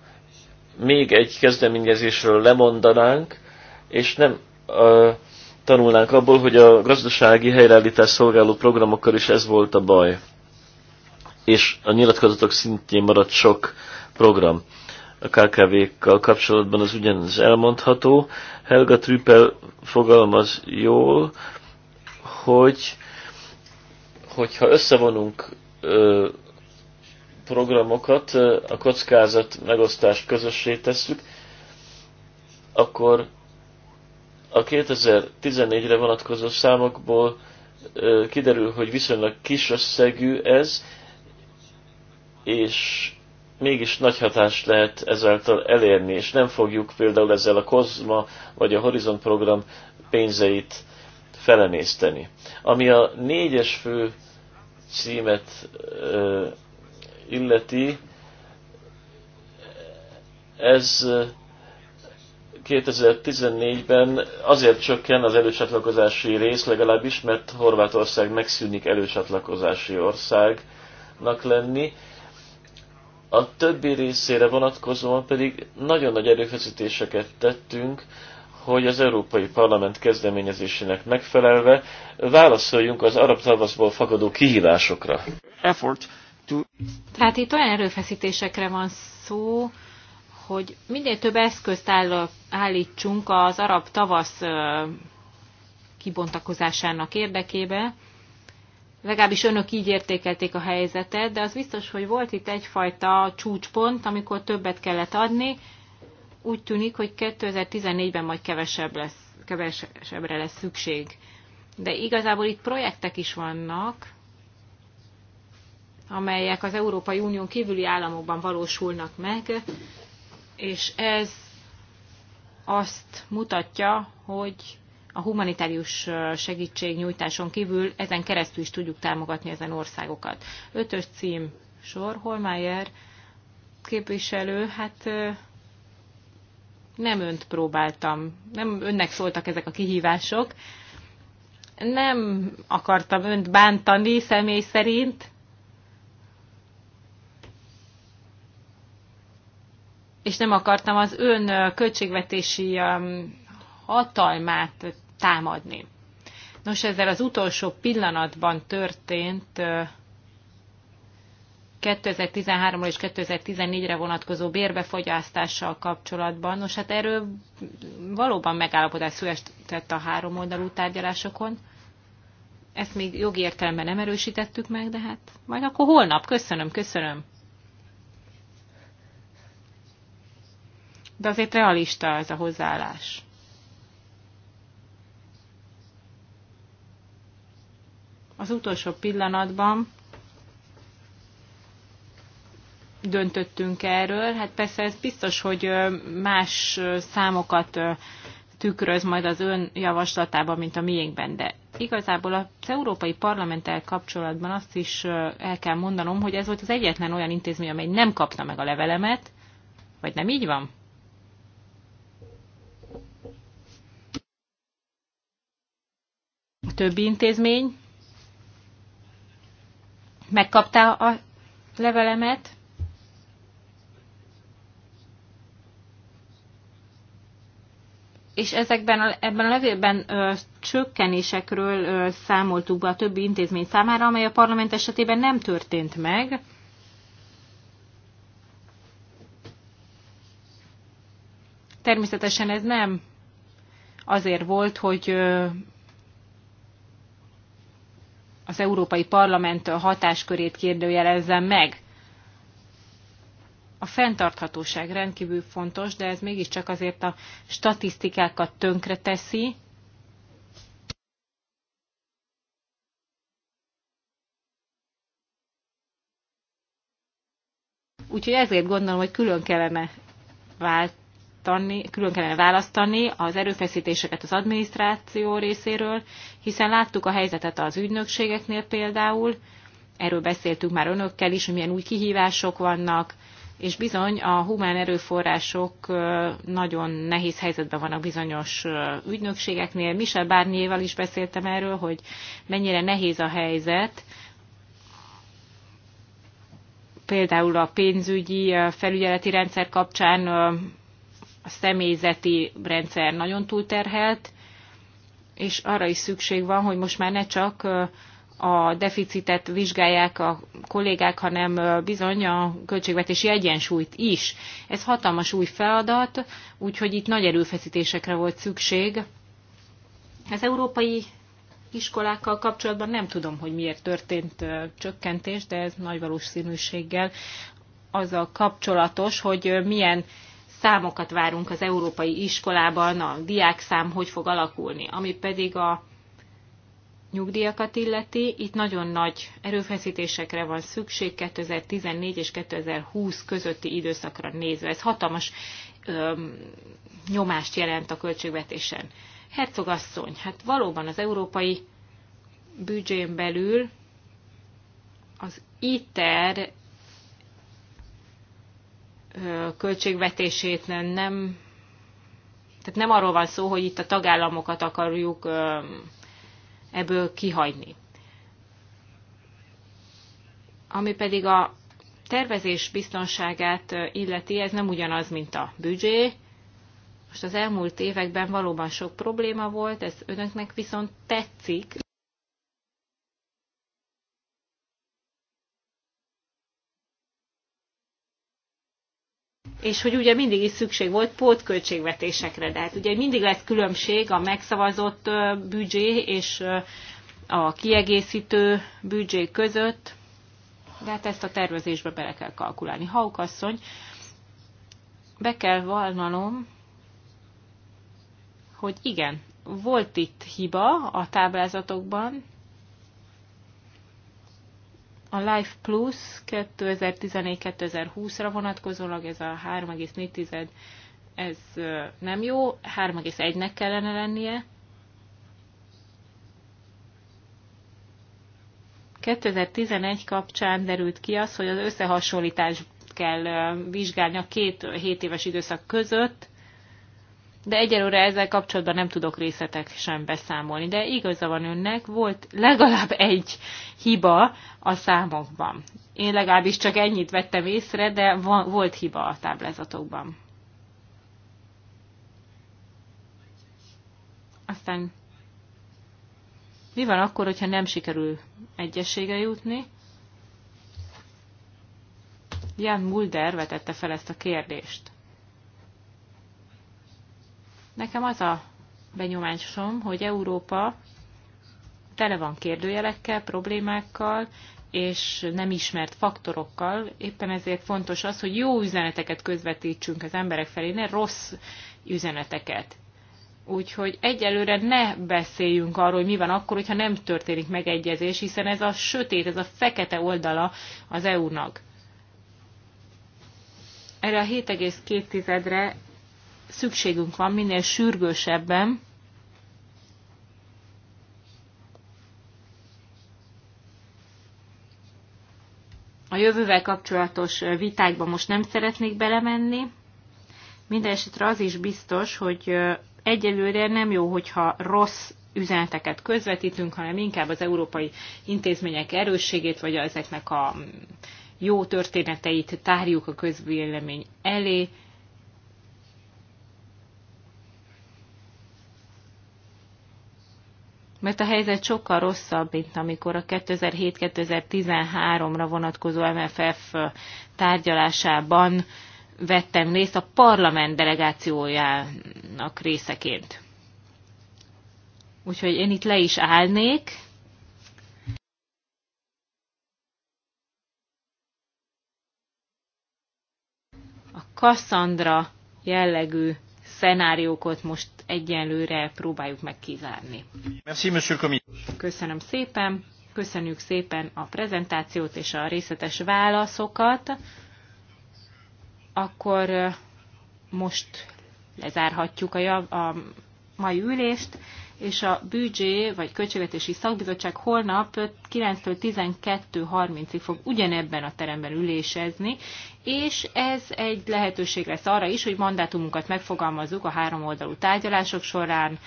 még egy kezdeményezésről lemondanánk, és nem tanulnánk abból, hogy a gazdasági helyreállítás szolgáló programokkal is ez volt a baj. És a nyilatkozatok szintjén maradt sok program. A KKV-kkal kapcsolatban az ugyanaz elmondható. Helga Trüppel fogalmaz jól, hogy hogyha összevonunk ö, programokat, a kockázat megosztást közössé tesszük, akkor a 2014-re vonatkozó számokból kiderül, hogy viszonylag kis összegű ez, és mégis nagy hatást lehet ezáltal elérni, és nem fogjuk például ezzel a Kozma vagy a Horizon program pénzeit felemészteni. Ami a négyes fő címet ö, illeti, ez 2014-ben azért csökken az előcsatlakozási rész legalábbis, mert Horvátország megszűnik előcsatlakozási országnak lenni. A többi részére vonatkozóan pedig nagyon nagy erőfeszítéseket tettünk, hogy az Európai Parlament kezdeményezésének megfelelve válaszoljunk az arab tavaszból fakadó kihívásokra. Effort to... Tehát itt olyan erőfeszítésekre van szó, hogy minél több eszközt áll, állítsunk az arab tavasz kibontakozásának érdekébe. Legalábbis önök így értékelték a helyzetet, de az biztos, hogy volt itt egyfajta csúcspont, amikor többet kellett adni. Úgy tűnik, hogy 2014-ben majd kevesebb lesz, kevesebbre lesz szükség. De igazából itt projektek is vannak, amelyek az Európai Unión kívüli államokban valósulnak meg, és ez azt mutatja, hogy a humanitárius segítségnyújtáson kívül ezen keresztül is tudjuk támogatni ezen országokat. Ötös cím sor, Holmeyer képviselő, hát nem önt próbáltam, nem önnek szóltak ezek a kihívások. Nem akartam önt bántani személy szerint, és nem akartam az ön költségvetési hatalmát támadni. Nos, ezzel az utolsó pillanatban történt 2013-ról és 2014-re vonatkozó bérbefogyasztással kapcsolatban. Nos, hát erről valóban megállapodás született a három oldalú tárgyalásokon. Ezt még jogi értelemben nem erősítettük meg, de hát majd akkor holnap. Köszönöm, köszönöm. de azért realista ez a hozzáállás. Az utolsó pillanatban döntöttünk erről. Hát persze ez biztos, hogy más számokat tükröz majd az ön javaslatában, mint a miénkben, de igazából az Európai Parlamenttel kapcsolatban azt is el kell mondanom, hogy ez volt az egyetlen olyan intézmény, amely nem kapta meg a levelemet, vagy nem így van? többi intézmény. Megkapta a levelemet. És ezekben a, ebben a levélben ö, csökkenésekről ö, számoltuk be a többi intézmény számára, amely a parlament esetében nem történt meg. Természetesen ez nem azért volt, hogy az Európai Parlament hatáskörét kérdőjelezzem meg. A fenntarthatóság rendkívül fontos, de ez mégiscsak azért a statisztikákat tönkre teszi. Úgyhogy ezért gondolom, hogy külön kellene vált választani, külön kellene választani az erőfeszítéseket az adminisztráció részéről, hiszen láttuk a helyzetet az ügynökségeknél például, erről beszéltünk már önökkel is, hogy milyen új kihívások vannak, és bizony a humán erőforrások nagyon nehéz helyzetben vannak bizonyos ügynökségeknél. Michel Bárnyéval is beszéltem erről, hogy mennyire nehéz a helyzet, például a pénzügyi felügyeleti rendszer kapcsán a személyzeti rendszer nagyon túlterhelt, és arra is szükség van, hogy most már ne csak a deficitet vizsgálják a kollégák, hanem bizony a költségvetési egyensúlyt is. Ez hatalmas új feladat, úgyhogy itt nagy erőfeszítésekre volt szükség. Az európai iskolákkal kapcsolatban nem tudom, hogy miért történt csökkentés, de ez nagy valószínűséggel a kapcsolatos, hogy milyen számokat várunk az európai iskolában, a diákszám hogy fog alakulni, ami pedig a nyugdíjakat illeti. Itt nagyon nagy erőfeszítésekre van szükség 2014 és 2020 közötti időszakra nézve. Ez hatalmas öm, nyomást jelent a költségvetésen. Herzog asszony, hát valóban az európai büdzsén belül az ITER költségvetését nem, tehát nem arról van szó, hogy itt a tagállamokat akarjuk ebből kihagyni. Ami pedig a tervezés biztonságát illeti, ez nem ugyanaz, mint a büdzsé. Most az elmúlt években valóban sok probléma volt, ez önöknek viszont tetszik. és hogy ugye mindig is szükség volt pótköltségvetésekre, de hát ugye mindig lesz különbség a megszavazott büdzsé és a kiegészítő büdzsé között, de hát ezt a tervezésbe bele kell kalkulálni. Haukasszony, be kell vallanom, hogy igen, volt itt hiba a táblázatokban, a Life Plus 2014-2020-ra vonatkozólag ez a 3,4 ez nem jó, 3,1-nek kellene lennie. 2011 kapcsán derült ki az, hogy az összehasonlítást kell vizsgálni a két 7 éves időszak között, de egyelőre ezzel kapcsolatban nem tudok részletek sem beszámolni. De igaza van önnek, volt legalább egy hiba a számokban. Én legalábbis csak ennyit vettem észre, de volt hiba a táblázatokban. Aztán mi van akkor, hogyha nem sikerül egyessége jutni? Jan Mulder vetette fel ezt a kérdést. Nekem az a benyomásom, hogy Európa tele van kérdőjelekkel, problémákkal, és nem ismert faktorokkal. Éppen ezért fontos az, hogy jó üzeneteket közvetítsünk az emberek felé, ne rossz üzeneteket. Úgyhogy egyelőre ne beszéljünk arról, hogy mi van akkor, hogyha nem történik megegyezés, hiszen ez a sötét, ez a fekete oldala az EU-nak. Erre a 7,2-re szükségünk van minél sürgősebben a jövővel kapcsolatos vitákba most nem szeretnék belemenni. Mindenesetre az is biztos, hogy egyelőre nem jó, hogyha rossz üzeneteket közvetítünk, hanem inkább az európai intézmények erősségét, vagy ezeknek a mm, jó történeteit tárjuk a közvélemény elé, mert a helyzet sokkal rosszabb, mint amikor a 2007-2013-ra vonatkozó MFF tárgyalásában vettem részt a parlament delegációjának részeként. Úgyhogy én itt le is állnék. A Cassandra jellegű szenáriókat most egyenlőre próbáljuk meg kizárni. Köszönöm szépen, köszönjük szépen a prezentációt és a részletes válaszokat. Akkor eh, most lezárhatjuk a, jav, a mai ülést és a büdzsé vagy költségvetési szakbizottság holnap 9-től 12.30-ig fog ugyanebben a teremben ülésezni, és ez egy lehetőség lesz arra is, hogy mandátumunkat megfogalmazzuk a három oldalú tárgyalások során.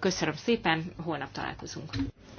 Köszönöm szépen, holnap találkozunk.